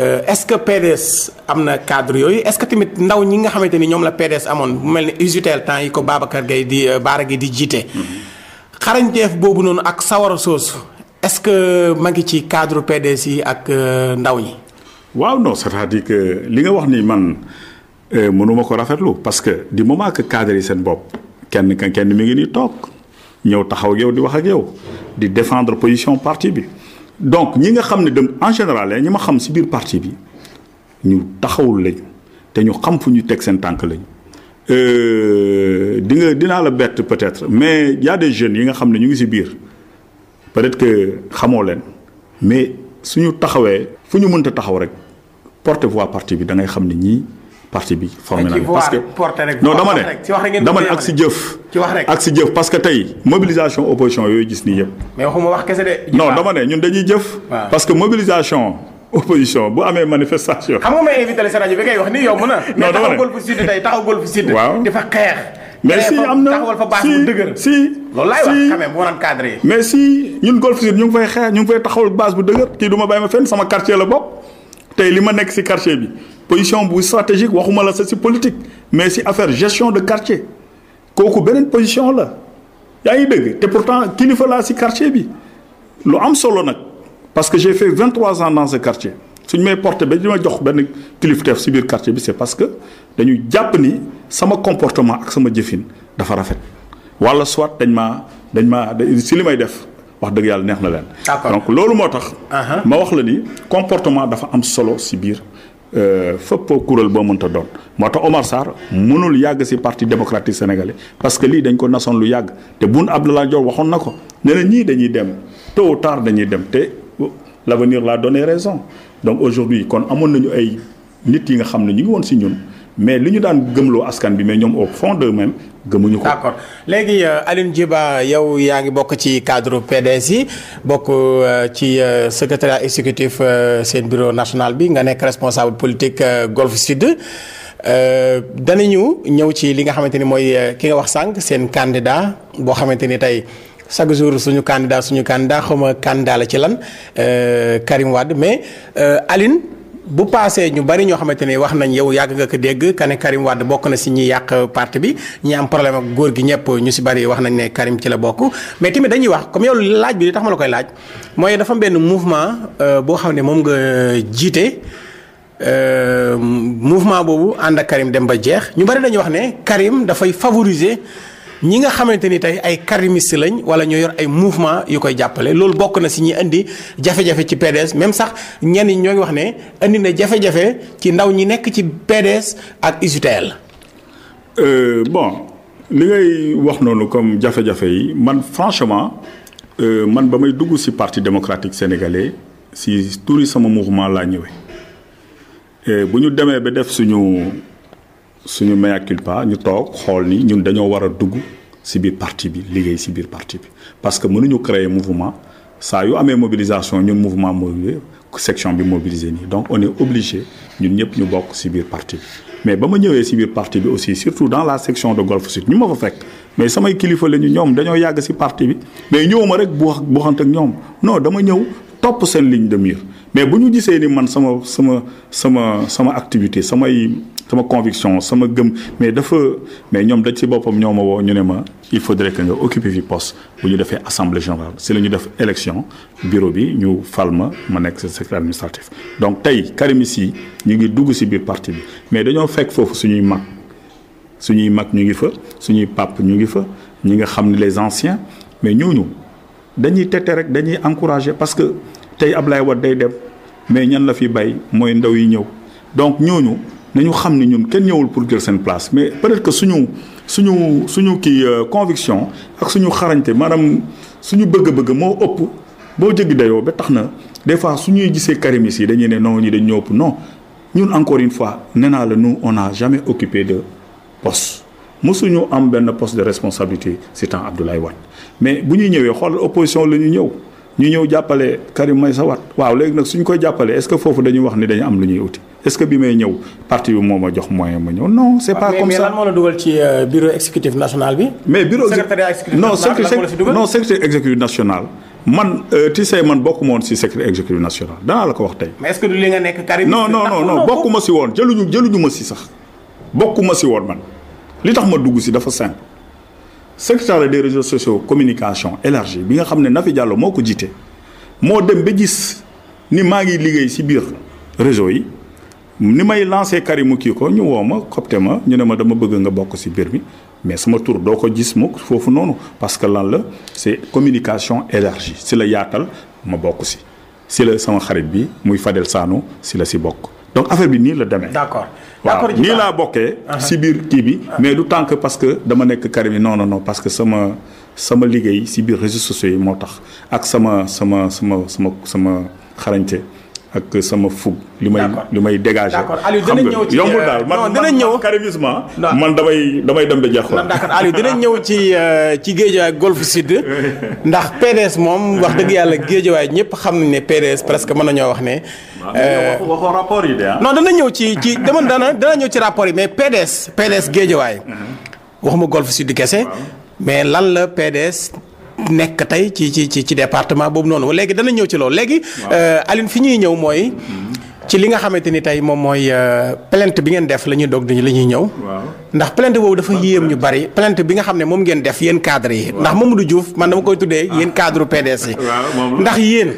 Euh, est-ce que PDS am na cadre yooyu est-ce que tamit ndaw ñi nga xamante ni ñoom la PDS amoon bu mel ni usutel temps yi ko Babacar Gaye di euh, Baara gi di jiite. Mm-hmm. xarañteef boobu noonu ak sawara soosu est-ce que ma ngi ci cadre PDS yi ak euh, ndaw ñi. waaw non c'est-à-dire que li nga wax ni man mënuma ko rafetlu parce que di moment que cadre yi seen bopp kenn kenn mi ngi nii toog ñëw taxaw ak yow di wax ak yow di défendre position partie bi. donc ñi nga xam ne dem en général ñi ma xam si biir parti bi ñu taxawul lañ te ñu xam fu ñu teg seen tànk lañu euh, di dinaa la bett peut-être mais y a des jeunes yi nga xam ne ñu ngi si biir peut-être que xamoo leen mais suñu taxawee fu ñu mënta taxaw rek porte-voix parti bi da ngay xam ne ñii. parti bi formé parce que non dama ne dama ne ak si jëf. ci wax rek ak si jëf parce que tey mobilisation opposition yooyu gis nii yëpp. mais waxuma wax kese dama ne ñun dañuy jëf. parce que mobilisation. opposition bu amee manifestation. xam nga may invité sa rajo bi ngay wax ni yow mën na. non dama ne mais taxaw Golf Sud tey taxaw Golf Sud. waaw xeex. mais si am na taxawal si ñun Golf Sud ñu ngi fay xeex ñu ngi fay taxawal base bu dëgër kii du bàyyi ma fenn sama quartier la bopp tey li ma nekk si quartier bi position bu stratégique waxuma la sa si politique mais si affaire gestion de quartier kooku beneen position la yaa ngi dëgg te pourtant kilifa laa si quartier bi lu am solo nag parce que j'ai fait 23 ans dans ce quartier suñ may porté ba di ma jox benn kilifteef si biir quartier bi c'est parce que dañu jàpp ni sama comportement ak sama jëfin dafa rafet wala soit dañ ma dañ maa si li may def wax dëgg yàlla neex na leen. donc loolu moo tax. Uh-huh. ma wax la ni comportement dafa am solo si biir. Euh, fëppoo kuréel boo mënta doon moo tax Omar Sarr mënul yàgg si parti démocratique sénégalais parce que lii dañ ko nasoon lu yàgg te Boun Abdallah Dionne waxoon na ko ne na ñii dañuy dem tôt ou tard dañuy dem te l' avenir l'a donné raison donc aujourd'hui kon amoon nañu ay nit yi nga xam ne ñu ngi woon si ñun mais li ñu daan gëmloo askan bi mais ñoom au fond d'eux-mêmes gëmuñu ko. d'accord léegi euh, Alioune Djiba yow yaa ngi bokk ci cadre PDS yi bokk euh, ci euh, secrétariat exécutif seen bureau national bi nga nekk responsable politique Golf Sud. danañu ñëw ci li nga xamante ni mooy ki nga wax sànq seen candidat boo xamante ni tey chaque jour suñu candidat suñu candidat xawma candidat la ci lan Karim Wade mais Alioune. bu paasee ñu bari ñoo xamante ne wax nañ yow yàgg nga ko dégg kane Karim wadd bokk na si ñi yàq parti bi ñi am problème góor gi ñëpp ñu si bari wax nañ ne Karim ci la bokk mais tamit dañuy wax comme yow laaj bi li tax ma la koy laaj mooy dafa am benn mouvement euh, boo xam ne moom nga jiite euh, mouvement boobu ànd ak Karim dem ba jeex ñu bari dañuy wax ne Karim dafay favoriser. ñi nga xamante ni tey ay karimiste lañ wala ñoo yor ay mouvement yu koy jàppale loolu bokk na si ñi indi jafe-jafe ci PDS même sax ñenn ñi ñoo wax ne indi na jafe-jafe ci ndaw ñi nekk ci PDS ak UJTL. Euh, bon li ngay wax noonu comme jafe-jafe yi man franchement euh, man ba may dugg si parti démocratique sénégalais si turi sama mouvement laa ñëwee bu ñu demee ba def suñu. suñu mea culpa ñu toog xool ni ñun dañoo war a dugg ci biir parti bi liggéey ci biir parti bi parce que mënuñu créer mouvement saa yu amee mobilisation ñun mouvement mobilisé section bi mobilisé nii donc on est obligé ñun ñëpp ñu bokk ci biir parti bi mais ba ma ñëwee ci biir parti bi aussi surtout dans la section de Golf Sud ñu ma fa fekk mais samay kilifa la ñu ñoom dañoo yàgg ci parti bi mais ñëwuma rek bu buxant ak ñoom non dama ñëw topp seen ligne de mais bu ñu gisee ni man sama sama sama sama activité samay sama conviction sama gëm mais dafa mais ñoom daj si boppam ñoo ma woo ñu ne ma il faudrait que nga occuper fi poste bu ñu defee assemblée générale si la ñu def élection bureau bi ñu fal ma ma nekk secrétaire administratif. donc tey karimis yi ñu ngi dugg si biir partie bi mais dañoo fekk foofu suñuy mag suñuy mag ñu ngi fa suñuy pap ñu ngi fa ñi nga xam ne les anciens mais ñooñu dañuy tete rek dañuy encourager parce que tey Ablaye Wade day dem mais ñan la fi bay mooy ndaw yi ñëw donc ñooñu. na nañu xam ne ñun kenn ñëwul pour jël seen place mais peut-être que suñu suñu suñu kii euh, conviction ak suñu xarañte maanaam suñu bëgg-bëgg moo ëpp boo jéggi dayoo ba tax na des fois ñuy gisee karimis yi dañuy ne non ñi dañ ñëpp non ñun encore une fois nenaa la nu on n'a jamais occupé de poste mosuñu am benn poste de responsabilité ci temps Abdoulaye Wade mais bu ñuy ñëwee xoolal opposition la ñu ñëw ñu ñëw jàppale Karim Meïssa Wade waaw léegi nag suñ koy jàppalee est-ce que foofu dañuy wax ni dañu am lu ñuy uti est-ce que bi may ñëw parti bi moo a jox moyen ma ñëw non c'est pas comme ça euh, national bi. man euh, tu sais man bokkuma woon si secrétaire exécutif national danaa la ko wax tey. mais est-ce que du li nga nekk Karim. non non si woon jëluñu jëluñu ma si sax bokkuma si woon man li tax ma dugg si dafa simple. secrétariat des réseaux sociaux communication élargie bi nga xam ne na Nafi Diallo moo ko jiite moo dem ba gis ni maa ngi liggéey ci biir réseaux yi ni may lancé mu kii ko ñu woo ma copte ma ñu ne ma dama bëgg nga bokk ci biir bi mais sama tur doo ko gis mukk foofu noonu parce que lan la c'est communication élargie ci la yaatal ma bokk ci ci la sama xarit bi muy Fadel saanu ci la ci bokk donc affaire bi nii la demee. d'accord d'accord waaw nii laa bokkee. Ah, ah. si biir kii bi mais du tànk parce que dama nekk Karim yi non non non parce que sama sama liggéey si biir réseaux sociaux yi moo tax ak sama sama sama sama sama xarañte. ak sama fug li may li may dégagé. Euh, d'accord Aliou dinañ ñëw ci yombul daal man damay damay dem ba jeexoon. d'accord Aliou dinañ ñëw ci ci Guédiawaye Golf Sud. [laughs] ndax PDS moom wax dëgg yàlla Guédiawaye ñëpp xam nañ ne PDS presque mën nañoo wax ne. Euh, waxoo rapport yi ah. dana ñëw ci ci dama dana dana ñëw ci rapport yi mais PDS PDS Guédiawaye mhm. waxuma Golf Sud kese mais lan la PDS nekk tey ci ci ci ci département boobu noonu léegi dana ñëw ci loolu léegi. Euh, Alioune fi ñuy ñëw mooy. ci li nga xamante ni tey moom mooy euh, plainte bi ngeen def la ñuy dog di la ñuy ñëw. ndax plainte boobu dafa yéem ñu bari plainte bi nga xam ne moom ngeen def yéen cadre yi. ndax Mamadou Diouf man dama koy tuddee yéen ah. cadre PDS yi. ndax yéen.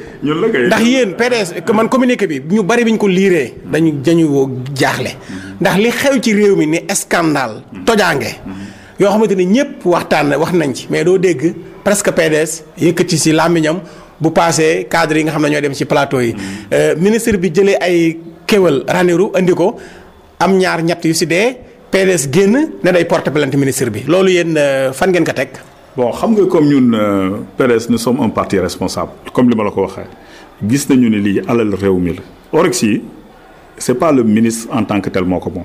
ndax yéen PDS man communiqué bi ñu bari bi ñu ko liiree. dañu dañu jaaxle. Mm-hmm. ndax li xew ci réew mi ni scandale mm-hmm. tojaange mm-hmm. yoo xamante ne ñëpp waxtaan wax nañ ci mais doo dégg. presque PDS yëkkati si làmmiñam bu paasee cadre yi nga xam ne ñoo dem ci plateau yi. Euh, ministre bi jëlee ay kéwal Ranérou indi ko am ñaar ñett yu si dee PDS génn ne day porte plainte ministre bi loolu yéen euh, fan ngeen ko teg. bon xam nga comme ñun euh, PDS nous sommes un parti responsable comme li ma la ko waxee gis nañu ne lii alal réew mi la. Oryx yi c'est pas le ministre en tant que tel moo ko moom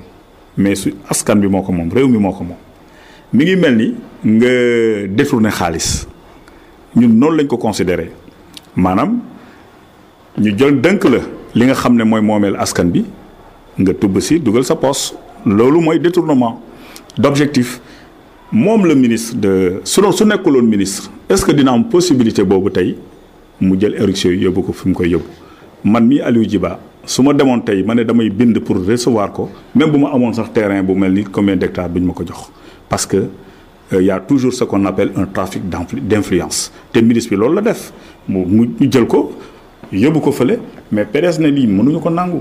mais su askan bi moo ko moom réew mi moo ko moom mi ngi mel ni nga détourné xaalis. ñun noonu lañ ko considéré maanaam ñu jël dënk la li nga xam ne mooy moomeel askan bi nga tubb si dugal sa poos loolu mooy détournement d'objectif moom la ministre de su doon su ministre est-ce que dina am possibilité boobu tey mu jël élection yi yóbbu ko fi mu koy yóbbu man mii Aliou Djiba su ma demoon tey ma ne damay bind pour recevoir ko même bu ma amoon sax terrain bu mel ni combien d'hectares duñ ma ko jox parce que il euh, y a toujours ce qu'on appelle un trafic d'influence te ministre bi loolu la def mu mu jël ko yóbbu ko fële mais PDS ne lii mënuñu ko nangu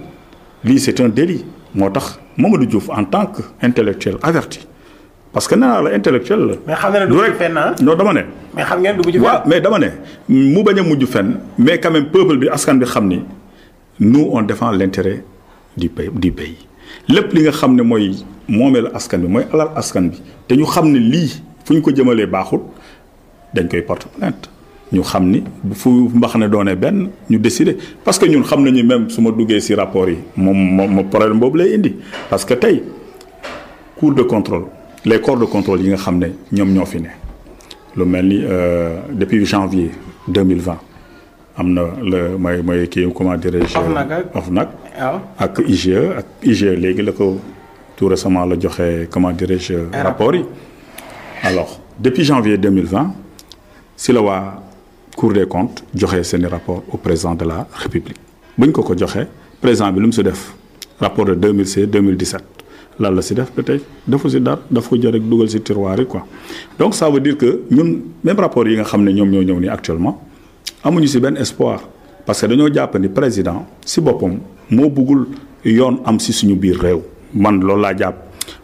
lii c'est un délit moo tax moom du Diouf en tant que intellectuel averti parce que nee naa la intellectuel la. mais xam nga dama ne. mais xam ngeen du mujj mais dama ne mu bañ a mujj fen mais quand même peuple bi askan bi xam ni nu on défend l'intérêt di pays di pays lépp li nga xam ne mooy. moom moomeelu askan bi mooy alal askan bi te ñu xam ne lii fu ñu ko jëmalee baaxul dañ koy porte plainte ñu xam ni fu mbax ne doone benn ñu décider parce que ñun xam nañu même su ma duggee si rapport yi moom moom problème boobu lay indi parce que tey cour de contrôle les corps de contrôle yi nga xam ne ñoom ñoo fi ne lu mel ni euh, depuis janvier 2020 am na la mooy mooy kii comment dirais-je OFNAC ah. ak IGE ak IGE léegi la ko tout récemment la joxe comment dirais-je rapport yi alors depuis janvier 2020 si la waa cour des comptes joxe seeni rapport au président de la république bu ñu ko ko joxee président bi lu mu si def rapport de 2016 2017 lan la si def ba tey defu si dara daf ko jël rek dugal si tiroir yi quoi donc ça veut dire que ñun même rapport yi nga xam ne ñoom ñoo ñëw nii actuellement amuñu si benn espoir parce que dañoo jàpp ni président si boppam moo bëggul yoon am si suñu biir réew man loolu laa jàpp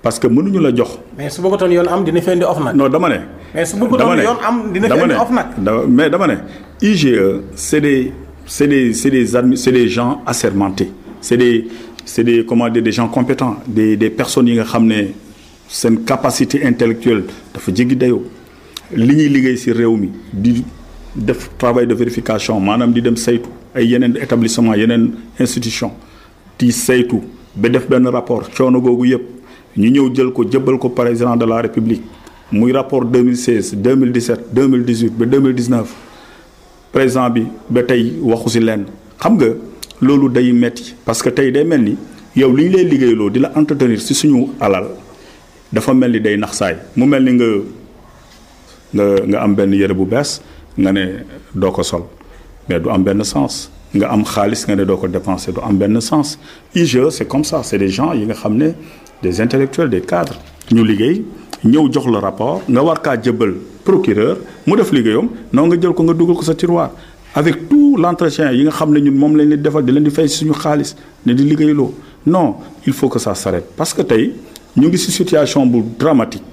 parce que mënuñu la jox. mais su bëggatoon yoon am dina fendi OFNAC. non dama ne. mais su bëggatoon yoon am dina fendi OFNAC. mais dama ne IGE c'est des c'est des c'est des admi c'est des gens assermentés c'est des c'est des comment dire des gens compétents des des yi nga xam ne seen capacité intellectuelle dafa jéggi dayoo li ñuy liggéey si réew mi di def travail de vérification maanaam di dem saytu ay yeneen établissement yeneen institution di saytu. ba def benn rapport coono googu yëpp ñu ñëw jël ko jëbbal ko président de la république muy rapport 2016 2017 2018 ba 2019 président bi ba tey waxu si lenn xam nga loolu day metti parce que tey day mel ni yow li ñu lay liggéeyloo di la entretenir si suñu alal dafa mel ni day nax saay mu mel ni nga nga nga am benn yére bu bees nga ne doo ko sol mais du am benn sens nga am xaalis nga ne doo ko dépenser du am benn sens IGE c'est comme ça c'est des gens yi nga xam ne des intellectuels des cadres ñu liggéey ñëw jox la rapport nga war kaa jëbal procureur mu def liggéeyam noonu nga jël ko nga dugal ko sa tiroir avec tout l'entretien yi nga xam ne ñun moom lañ leen defal di leen di fay suñu xaalis ne di liggéeyloo non il faut que ça s'arrête parce que tey ñu ngi si situation bu dramatique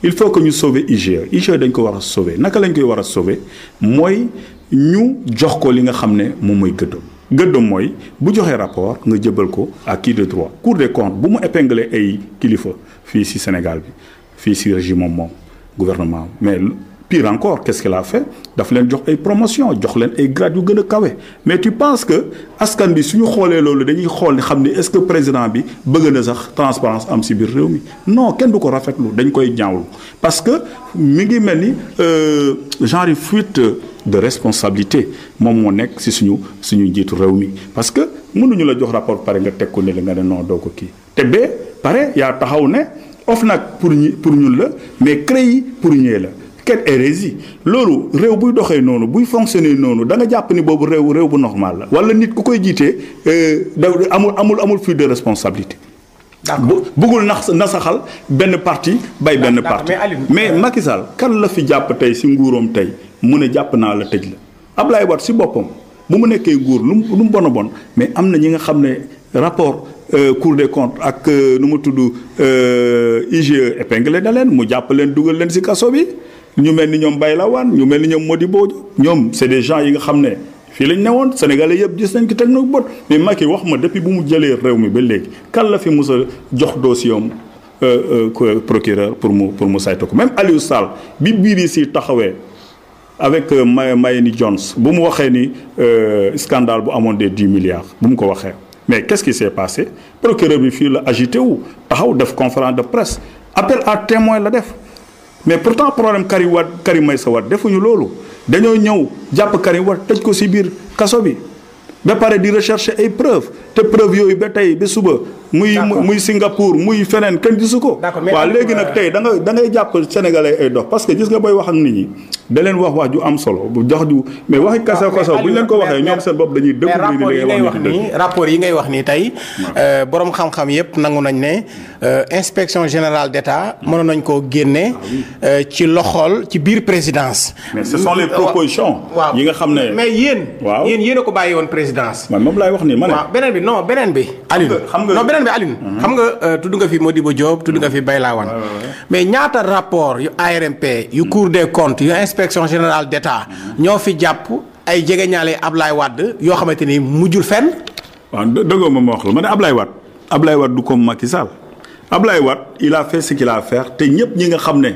il faut que ñu sauver IGE IGE dañ ko war a naka lañ koy war a sauver mooy ñu jox ko li nga xam ne moom mooy gëddam gëddam mooy bu joxee rapport nga jëbal ko ak qui de droit cour des comptes bu mu épinglé ay kilifa fii si Sénégal bi fii si régime moom moom gouvernement mais pire encore qu'est-ce qu'elle a daf leen jox ay promotion jox leen ay grade yu gën a kawe mais tu penses que askan bi su ñu xoolee loolu dañuy xool ni xam ne est-ce que président bi bëgg na sax transparence am si biir réew mi non kenn du ko rafetlu dañu koy ñaawlu parce que mi ngi mel ni euh, genre fuite de responsabilité moom moo nekk ci suñu suñu njiitu réew mi parce que mënuñu la jox rapport pare nga teg ko ne la nga ne non doo ko kii te bee pare yaa taxaw ne nag pour ñu pour ñun la mais CREI pour ñee la. quelle hérésie loolu réew buy doxee noonu buy fonctionner noonu danga jàpp ni boobu réew réew bu normal la walla nit ku koy jiitee euh, da amul amul amul fuite de responsabilité. bu bëggul nax nasaxal benn parti bay benn parti mais euh, Macky kan la fi jàpp tey si nguuram tey mu ne jàpp naa la tëj la Ablaye Wade si boppam bu mu nekkee guur lu mu lu mu bon a bon mais am na ñi nga xam ne rapport euh, Cour de compte ak euh, nu mu tudd IGE épinglé na leen mu jàpp leen dugal leen si kaso bi ñu mel ni ñoom la wan ñu mel ni ñoom Modibo ñoom c'est des gens yi nga xam ne. fii lañ newoon sénégalais yëpp gis nañ ko teg na bët mais Macky wax ma depuis bu mu jëlee réew mi ba léegi kan la fi mus a jox dossier am euh, euh, procureur pour mu pour mu saytu ko même Aliou Sall bi si taxawee avec euh, Mayeni Jones bu mu waxee ni scandale bu amoon des dix milliards bu mu ko waxee mais qu'est-ce qui s'est passé procureur bi fii la agité wu taxaw def conférence de presse appel à témoin la def mais pourtant problème Karim Wade Karim Meïssa Wade defuñu loolu dañoo ñëw jàpp Karim war tëj ko ci biir kaso bi ba pare di recherche ay preuve te preuve yooyu ba tey ba suba muy muy Singapour muy feneen kenn gisu ko waaw léegi nag tey da nga da ngay jàpp sénégalais ay dox parce que gis nga booy wax ak nit ñi da leen wax wax ju am solo bu jox ju mais waxi kasaw kasaw bu ñu leen ko waxee ñoom seen bopp dañuy dëgg li ngay wax nii rapport yi ngay wax nii tey euh, borom xam-xam yëpp nangu nañ ne euh, inspection général d'État mënoon nañ koo génne ah euh, ci loxool ci biir présidence mais ce sont les propositions yi nga xam ne mais yéen yéen yéen a ko bàyyi woon présidence man moom laay wax nii ma beneen bi non beneen bi beneen mhm. xam nga euh, tudd nga fi Modibo Diop tudd nga fi mhm. Baylawan. mais ñaata rapport yu ARMP. yu mhm. Cour de comptes yu inspection générale d'État. ñoo fi jàpp ay jegeñaale Ablaye Wade yoo xamante ni mujjul fenn. waaw dëggoo ma ma wax la ma ne Ablaye Wade Ablaye Wade du ko Macky Sall Ablaye Wade il a fait ce qu'il a à te ñëpp ñi nga xam ne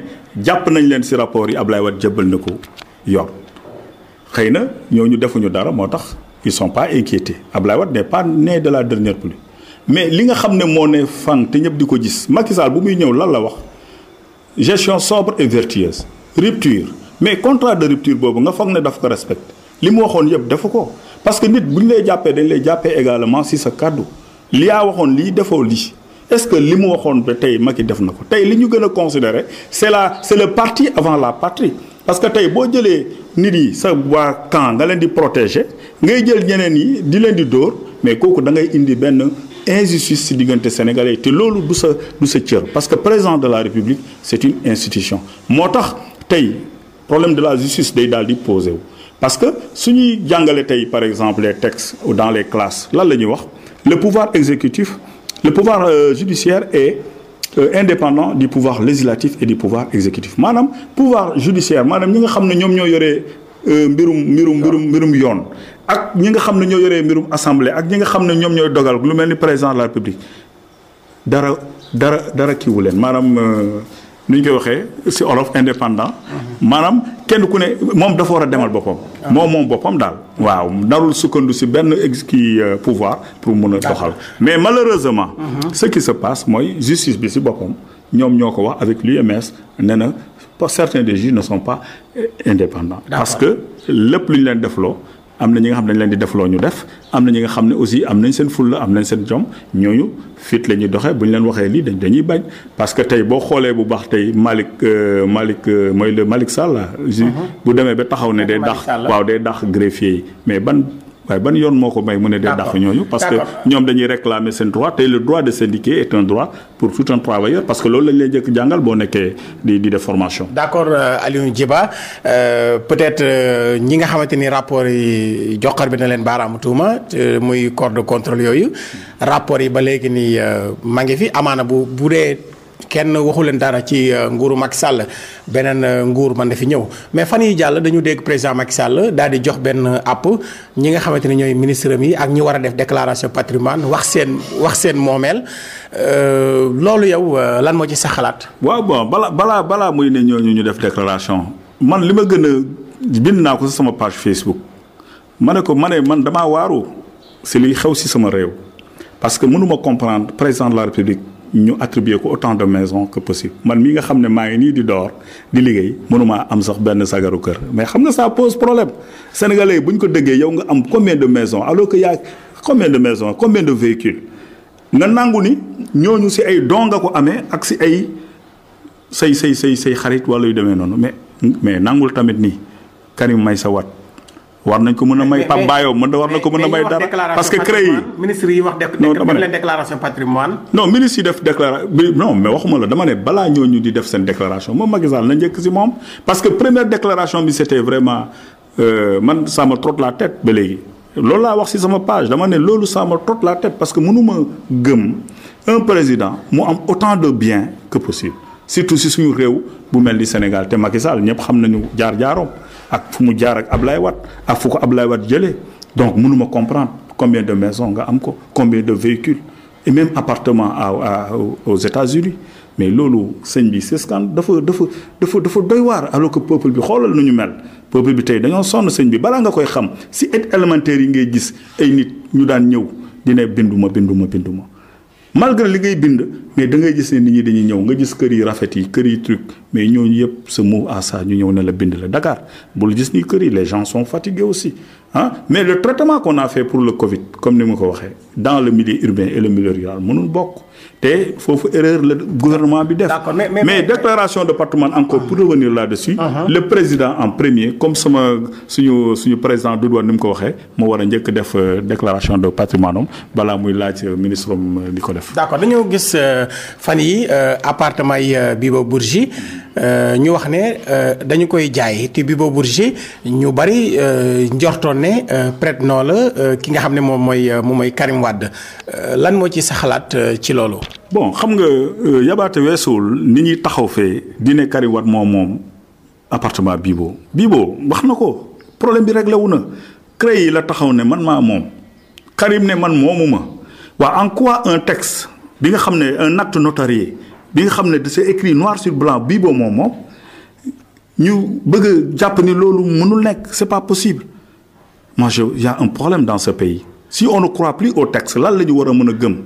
jàpp nañ leen si rapport yi Ablaye Wade jëbbal na ko yoon xëy na ñu defuñu dara moo tax ils sont pas inquiétés Ablaye Wade wat pas né de la dernière pluie. mais li nga xam ne moo ne fang te ñëpp di ko gis Macky Sall bu muy ñëw lan la wax gestion sobre et vertueuse rupture mais contrat de rupture boobu nga foog ne daf ko respecte li mu waxoon yëpp dafa ko parce que nit bu ñu lay jàppee dañu lay jàppee également si sa kàddu li waxoon lii defoo lii est-ce que li mu waxoon ba tey Macky def na ko tey li ñu gën a considérer c'est la c'est le parti avant la patrie parce que tey boo jëlee nit yi sa waa camp leen di protéger ngay jël ñeneen yi di leen di dóor mais kooku da ngay indi benn injustice ci diggante sénégalais te loolu du sa du sa cër parce que président de la république c'est une institution moo tax tey problème de la justice day daal di posé wu. parce que su ñuy jàngale tey par exemple les textes ou dans les classes lan la ñuy wax le pouvoir exécutif le pouvoir euh, judiciaire est euh, indépendant du pouvoir législatif et du pouvoir exécutif maanaam pouvoir judiciaire maanaam ñi nga xam ne ñoom ñoo yore Euh, mbirum mbirum mbirum mbirum yoon ak ñi nga xam ne ñoo yoree mbirum assemblée ak ñi nga xam ne ñoom ñooy dogal lu mel ni président de la république dara dara dara kiiwu leen maanaam lu euh, ñu koy waxee ci olof indépendant mm-hmm. maanaam kenn ku ne moom dafa war a demal boppam ah. moom moom boppam daal waaw narul sukkandu ci benn ex kii euh, pouvoir pour mun a doxal mais malheureusement mm-hmm. ce qui se passe mooy justice bi ci boppam ñoom ñoo ko wax avec l'UMS nee na pas certains des juges ne sont pas euh, indépendants. parce que lépp lu ñu leen defloo am na ñi nga xam ne dañ leen di defloo ñu def am na ñi nga xam ne aussi am nañ seen fulla am nañ seen jom ñooñu fit la ñuy doxee bu ñu leen waxee lii dañ dañuy bañ parce que tey boo xoolee bu baax tey Malick euh, Malick euh, mooy le Malick Sall. Uh-huh. bu demee ba taxaw ne day. dàq waaw day dàq greffier yi mais ban. waaye ban yoon moo ko may mu ne day dàq ñooñu parce que ñoom dañuy réclamer seen droit te le droit de syndiquer est un droit pour tout un travailleur parce que loolu lañ lay jëkk jàngal boo nekkee di di d'accord euh, Aliou Djiba euh, peut-être euh, ñi nga xamante ni rapport yi joxar bi na leen baaraamu tuuma muy corps de contrôle yooyu rapport yi ba léegi nii ma ngi fi amaana bu bu dee kenn waxu leen dara ci euh, nguuru Macky Sall beneen euh, nguur man na fi ñëw mais fan yi jàll dañu dégg président Macky sàll daal di jox benn app ñi nga xamante ne ñooy ministre yi ak ñi war a def déclaration patrimoine wax seen wax seen moomeel euh, loolu yow lan moo ci sa xalaat. waaw bon balaa balaa balaa muy ne ñooñu ñu def déclaration man li ma gën a bind naa ko si sama page Facebook ma ne ko ma ne man damaa waaru si liy xew si sama réew parce que mënuma comprendre président la république. ñu attribuer ko autant de maison que possible man mii nga xam ne maa ngi nii di door di liggéey mënuma am sax benn sagaru kër mais xam nga ça pose problème sénégalais buñ ko dëggee yow nga am combien de maison alors que yaa combien de maison combien de véhicules nga nangu ni ñooñu si ay don nga ko amee ak si ay say say say say xarit wala yu demee noonu mais mais nangul tamit nii Karim sa wat war nañ ko mën a may Pape Bayo mën war na ko mën a may dara parce que CREI yi ministre yi wax def déclaration patrimoine non ministre yi def déclaration bi non mais waxuma la dama ne balaa ñooñu di def seen déclaration moom Macky Sall na njëkk si moom parce que première déclaration bi c'était vraiment euh, man ça trop la tête ba léegi loolu laa wax si sama page dama ne loolu saama me trotte la tête parce que mënuma gëm un président mu am autant de biens que possible surtout si suñu réew bu mel ni Sénégal te Macky Sall ñëpp xam nañu jaar jaaroom ak fu mu jaar ak Ablaye Wade ak fu ko Ablaye Wade jëlee donc mënuma comprendre combien de maison nga am ko combien de véhicules et même appartement à aux États-Unis mais loolu sëñ bi c'est dafa dafa dafa dafa doy waar alors que peuple bi xoolal na ñu mel peuple bi tey dañoo sonn sëñ bi balaa nga koy xam si élémentaire yi ngay gis ay nit ñu daan ñëw dina binduma binduma binduma malgré li ngay bind mais da ngay gis nit ñi dañuy ñëw nga gis kër yi rafet yi kër yi truc mais ñooñu yëpp se mu à ça ñu ñëw ne la bind la Dakar bul gis ni kër yi les gens sont aussi ah mais le traitement qu'on a fait pour le Covid comme ni ma ko waxee dans le milieu urbain et le milieu rural mënul bokk. te foofu erreur la gouvernement bi def. mais, mais, mais déclaration de patrimoine encore pour revenir là-dessus. Ah, ah. le président en premier comme sama suñu suñu président Doudou ni mu ko waxee moo war a njëkk def euh, déclaration de patrimoine am balaa muy laaj euh, ministre am euh, di ko def. d'accord dañoo gis fan yi appartement yi Bibo Bourgi. Euh, ñu wax ne euh, dañu koy jaay te Bibo Bourgi ñu bari euh, njortoon ne prête noo la ki nga xam ne moom mooy moom mooy Karim Wade lan moo ci sa xalaat ci loolu. bon xam nga yabaate weesuwul ni ñuy taxaw fee di ne Karim Wade moom moom appartement Bibo Bibo wax na ko problème bi réglé wu na CREI yi la taxaw ne man maa moom Karim ne man moomu ma waa en quoi un texte bi nga xam ne un acte notarié. bi nga xam ne c'est écrit noir sur blanc biibo boo moom moom ñu bëgg jàpp ni loolu mënul nekk c'est pas possible moi je y un problème dans ce pays si on ne croit plus au texte lan la ñu war a mën a gëm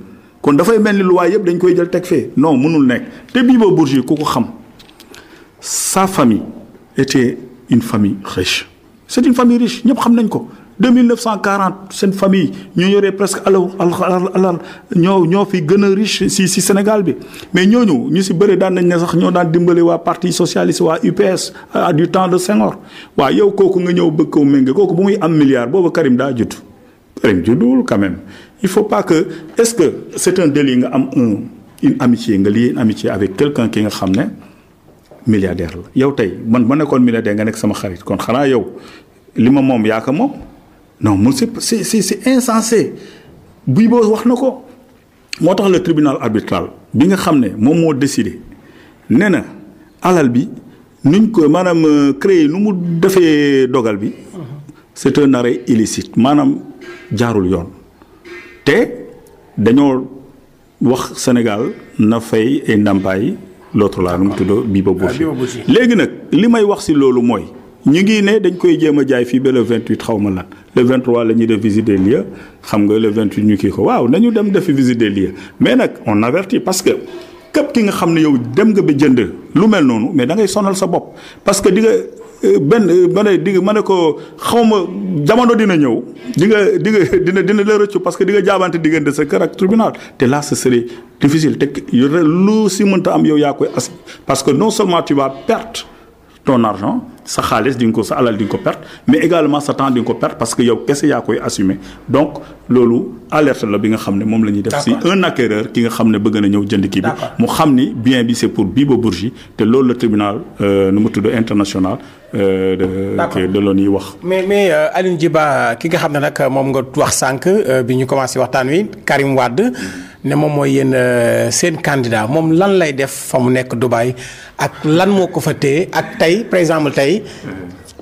kon dafay mel ni lu luwaay yëpp dañ koy jël teg fee non mënul nekk te Bibo Bourgi ku ko xam sa famille était une famille riche c'est une famille riche ñëpp xam nañ ko de 1940 seen famille ñoo yoree presque alaw alal ñoo ñoo fi gën a riche si si Sénégal bi mais ñoo ñooñu ñu si bëri daan nañ ne sax ñoo daan dimbali waa parti socialiste waa UPS à du temps de Senghor waa yow kooku nga ñëw bëgg ko méngé kooku bu muy am milliard boobu Karim daa judd Karim juddul quand même il faut pas que est-ce que c'est un yi nga am un une nga lii une amitié avec quelqu'un ki nga xam ne milliardaire la yow tey man ma nekkoon milliardaire nga nekk sama xarit kon xanaa yow li ma moom yaa ko moom non mu c'est si si insensé buy boo wax na ko moo tax le tribunal arbitral bi nga xam ne moom moo décidé nee na alal bi nuñ ko maanaam euh, créé nu mu defee dogal bi c'est un arrêt illicite maanaam jaarul yoon te dañoo wax Sénégal na fay ay ndàmpaay l'autre là nu mu tudd Bibo Bourgi léegi nag li may wax si loolu mooy ñu ngi ne dañ koy jéem a jaay fii ba le 28 xaw ma lan le vingt la ñuy def visite des lieux xam nga le 28 ñu kii ko waaw nañu dem defi visite des lieux mais nag on avertit parce que képp ki nga xam ne yow dem nga ba jënd lu mel noonu mais da ngay sonal sa bopp parce que di nga euh, benn euh, ma ne di ma ne ko xaw ma jamono dina ñëw di nga di nga [laughs] dina dina la rëccu parce que di nga jaabante diggante sa kër ak tribunal te là ce serait difficile te lu si mënta am yow yaa koy as parce que non seulement tu ton argent sa xaalis di nga ko sa alal di ko perte mais également sa temps di ko perte parce que yow kese yaa koy assumer donc loolu alerte la bi nga xam ne moom la ñuy def si un acquéreur ki nga xam ne bëgg na ñëw jënd ki bi mu xam ni bien bi c'est pour Bibo Bourgi te loolu la tribunal euh, nu mu tudd international euh, de de l'ONU wax mais mais euh, Alioune Djiba ki nga xam ne nag moom nga wax sànq bi ñu commencé waxtaan wi Karim Wade ne moom mooy yéen euh, seen candidat moom lan lay def fa mu nekk du Dubaï ak lan moo ko fa téye ak tey par exemple tey.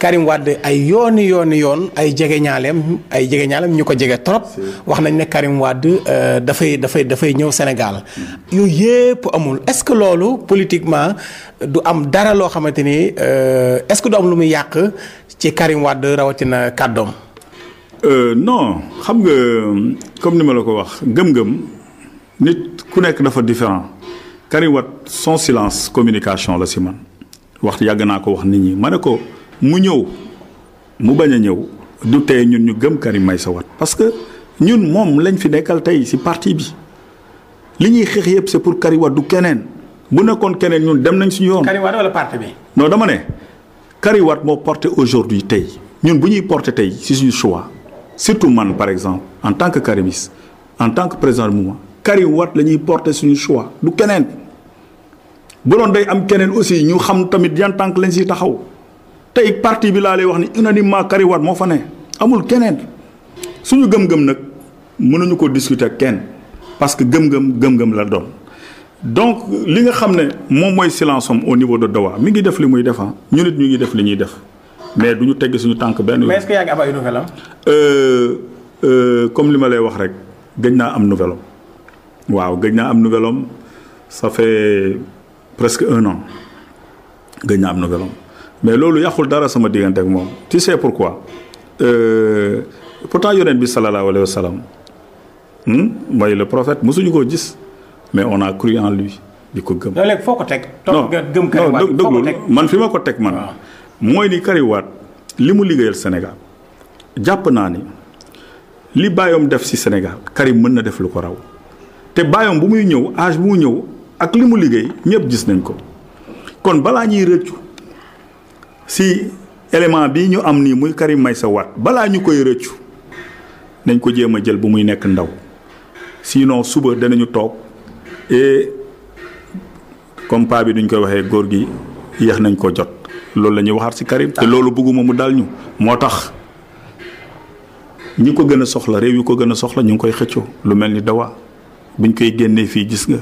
Karim ay yooni yooni yoon ay jege ñaaleem ay jege ñaaleem ñu ko jege trop wax nañ ne Karim Wade euh, dafay dafay dafay ñëw Sénégal yooyu yépp amul est-ce que loolu politiquement du am dara loo xamante ni euh, est-ce que du am lu muy yàq ci Karim Wade rawatina kàddoom. non xam nga comme ni ma la ko wax gëm-gëm. nit ku nekk dafa différent Karim son silence communication la si man wax yàgg naa ko wax nit ñi ma ne ko mu ñëw mu bañ a ñëw du tey ñun ñu gëm Karim Meïssa Wade parce que ñun moom lañ fi nekkal tey si parti bi li ñuy xeex yëpp c'est pour Karim Wade du keneen bu nekkoon keneen ñun dem nañ suñu yoon. Karim Wade wala parti bi. non dama ne Karim Wade moo porté aujourd'hui tey ñun bu ñuy porté tey si suñu choix surtout man par exemple en tant que karimiste en tant que président du Karim Wade la ñuy porter suñu choix du keneen bu doon day am keneen aussi ñu xam tamit yan tànk lañ si taxaw tey parti bi laa lay wax ni unanimement Karim Wade moo fa ne amul keneen suñu gëm-gëm nag mënuñu ko discuter kenn parce que gëm-gëm gëm-gëm la doon. donc li nga xam ne moom mooy silence am au niveau de dowaa mi ngi def li muy def ah. ñu nit ñu ngi def li ñuy def mais du ñu tegg suñu tànk benn. mais est-ce que yaa ngi am euh, euh, comme li ma lay wax rek gëñ naa am nouvelle waaw gëj naa am nu homme ça fait presque un an gëj naa am nu homme mais loolu yàqul dara sama diggante ak moom tu sais pourquoi euh, pourtant yonent bi sallallahu alayhi wa sallam hmm, mooy le prophète mosuñu koo gis mais on a cru en lui di ko gëm. léegi foo ko teg. non non man fi ma ko teg man. Ah. mooy ni Karim li mu liggéeyal Sénégal jàpp naa ni li bàyyoom def ci Sénégal Karim mën na def lu ko raw. te bàyyam bu muy ñëw âge bu mu ñëw ak li mu liggéey ñëpp gis nañ ko kon balaa ñuy rëccu si élément bi ñu am nii muy Karim Meïssa Wade balaa ñu koy rëccu nañ ko jéem a jël bu muy nekk ndaw si sinon suba danañu toog et comme paa bi duñ koy waxee góor gi yéex nañ ko jot loolu lañuy waxaat si Karim te loolu bëgguma mu dal ñu moo tax ñi ko gën a soxla réew yi ko gën a soxla ñu ngi koy xëccoo lu mel ni Dawa buñ koy génnee fii gis nga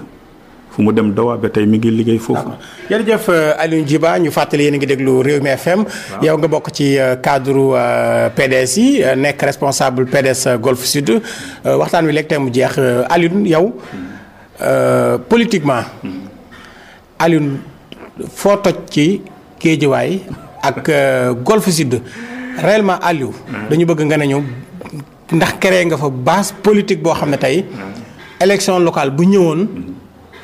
fu mu dem dawaa ba tey mi ngi liggéey foofu. jërëjëf euh, Alioune Djiba ñu fàttali yéen a ngi déglu réew mi FM. yow nga bokk ci euh, cadre euh, PDS yi nekk responsable PDS Golf Sud waxtaan wi léegi tey mu jeex Alioune yow politiquement. Alioune foo toj ci Géejawaay ak Golf Sud réellement Aliou. Hmm. dañu bëgg nga ne ñu ndax créé nga fa base politique boo xam ne tey. Hmm. élection locale bu ñëwoon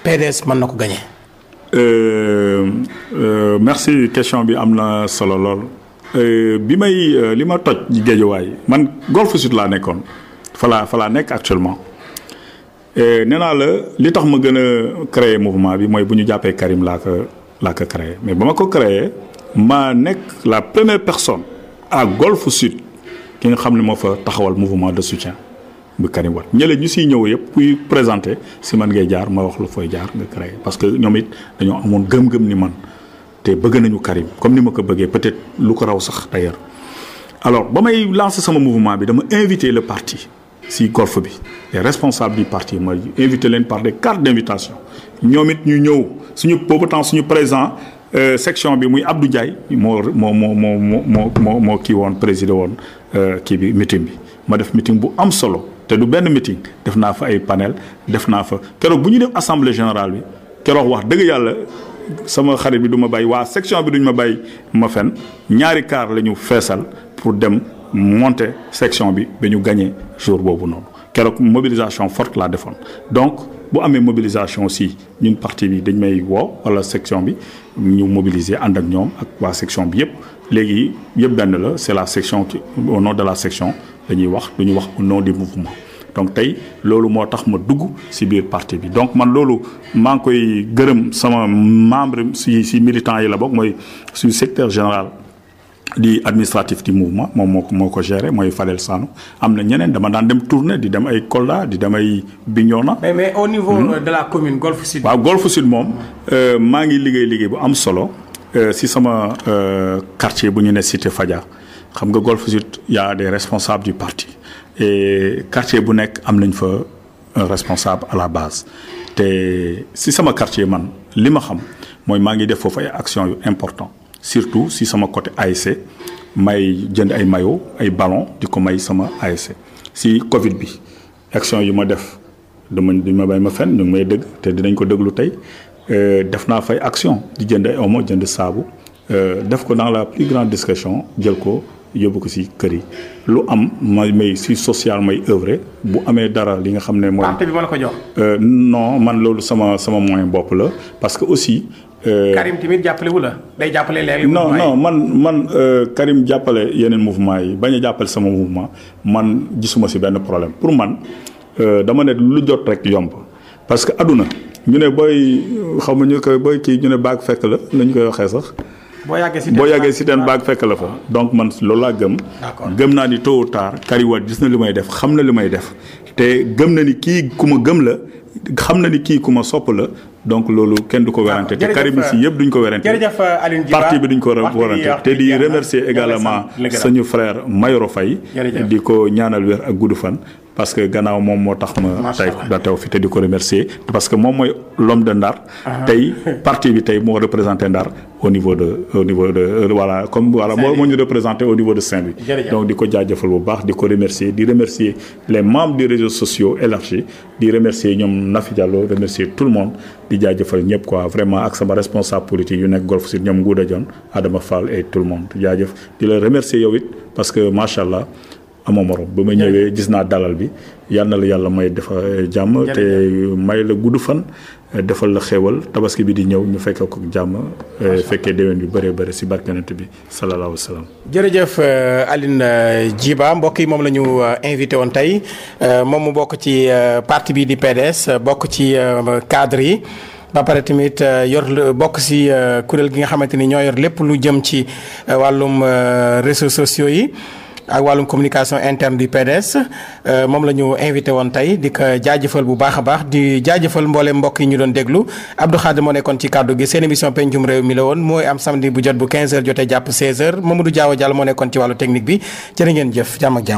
PDS man na ko gagné. Euh, euh, merci question bi am na solo lool euh, bi may li ma toj géejuwaay man Golf Sud laa nekkoon fa laa fa laa nekk actuellement nee naa la li tax ma gën a créer mouvement bi mooy bu ñu jàppee Karim laa ko laa ko créer mais ba ma ko créer ma nekk la première personne à Golf Sud ki nga xam ne moo fa taxawal mouvement de soutien. ba Karim Wade ñële ñu siy ñëw yëpp kuy présenter si man ngay jaar ma wax la fooy jaar nga créé parce que ñoom it dañoo amoon gëm-gëm ni man te bëgg nañu Karim comme ni ma ko bëggee peut lu ko raw sax d'ailleurs alors ba may lancé sama mouvement bi dama invité la parti si golf bi les responsables du parti ma invité leen par des cartes d'invitation ñoom it ñu ñëw suñu boobu temps suñu présent euh, section bi muy Abdou Ndiaye moo moo moo moo moo moo moo kii woon présider woon euh, kii bi meeting bi ma def meeting bu am solo te du benn meeting def naa fa ay panel def naa fa keroog bu ñu def assemblée général bi keroog wax dëgg yàlla sama xarit bi du ma bàyyi waa section bi duñu ma bàyyi ma fen ñaari kaar la ñu feesal pour dem monter section bi ba ñu gagné jour boobu noonu keroog mobilisation forte laa defoon donc bu amee mobilisation si ñun partie bi dañ may woo walla section bi ñu mobiliser ànd ak ñoom ak waa section bi yëpp léegi yëpp benn la c'est la section au nom de la section dañuy wax lu ñuy wax au nom du mouvement donc tey loolu moo tax ma dugg ci biir partie bi donc man loolu maa ngi koy gërëm sama membre ci ci militant yi la bokk mooy suñu secteur général di administratif du mouvement moom moo ko moo ko géré mooy Fadel Sano am na ñeneen dama daan dem tournée di dem ay kolla di dem ay Bignona. mais mais au niveau hmm? de commune Golf Sud. waaw Golf Sud moom euh, maa ngi liggéey liggéey bu am solo si euh, sama euh, quartier bu ñu ne Cité Fadia. xam nga Golf Sud y a des responsables du parti et quartier bu nekk am nañ fa un responsable à la base te si sama quartier man li ma xam mooy maa ngi def foofu ay actions yu important surtout si sama côté ASC may jënd ay mayo ay ballon di ko may sama ASC si Covid bi action yu ma def dama di ma bay ma fenn ñu may dëgg te dinañ ko déglu tey euh, def naa fay action di jënd ay omo jënd saabu euh, def ko dans la plus grande discrétion jël ko yóbbu ko si kër yi lu am ma may si social may euvre bu amee dara li nga xam ne mooy. parti bi la ko jox. Euh, non man loolu sama sama moyen bopp la parce que aussi. Euh, Karim tamit jàppale wu la day jàppale léegi. non non man man euh, Karim jàppale yeneen mouvement yi bañ a jàppale sama mouvement man gisuma si benn problème pour man dama ne lu jot rek yomb parce que adduna ñu ne booy xaw ma ñu koy booy kii ñu ne baag fekk la lañ koy waxee sax. boo yàggee si den baag fekk la fa ah. donc man loolu laa gëm gëm naa ni tôt ou tard Karim Wade gis na li may def xam na li may def te gëm na ni kii ku ma gëm la xam na ni kii ku ma sopp la donc loolu kenn du ko ah, werante te Karim si euh, yëpp duñ ko werante euh, parti bi duñ ko werante te di remercier également suñu frère Mayoro Faye di ko ñaanal wér ak gudd fan parce que gannaaw moom moo tax ma tey da teew fi te di ko remercier parce que moom mooy l'homme de Ndar ah. tey parti bi tey moo représenté Ndar au niveau de au niveau de euh, voilà comme voilà moo moo ñu représenté au niveau de Saint-Louis donc di ko jaajëfal bu baax di ko remercier di remercier les membres des réseaux sociaux élargis di remercier ñoom Nafi Diallo remercier tout le monde di jaajëfal ñëpp quoi vraiment ak sama responsable politique yu nekk Golf Sud ñoom Ngouda Dione Adama Fall et tout le monde jaajëf di la remercier yow it parce que macha allah amoo morom ba ma ñëwee gis naa dalal bi yal na la yàlla may defa eh, jàmm te may la gudd fan eh, defal la xéewal tabaski bi di ñëw ñu fekkee ko jàmm eh, fekkee déwén yu bëree bëri si barkanante bi salaalaahu wa salaam jërëjëf Aline Djiba mbokk yi moom la ñu invité woon tey moom mu bokk ci parti bi di PDS bokk ci cadre yi ba tamit yor bokk si kuréel gi nga xamante ni ñoo yor lépp lu jëm ci wàllum réseaux sociaux yi ak wàllum communication interne du PDS euh, moom la ñu invité woon tey di ko bu baax a baax di jaajëfal mbooleem mbokk yi ñu doon déglu Abdou Khadre moo nekkoon ci kàddu gi seen émission pencum réew mi la woon mooy am samedi bu jot bu 15h jotee jàpp 16h Mamadou Diaw Diallo moo nekkoon ci wàllu technique bi jërë jëf jàmm ak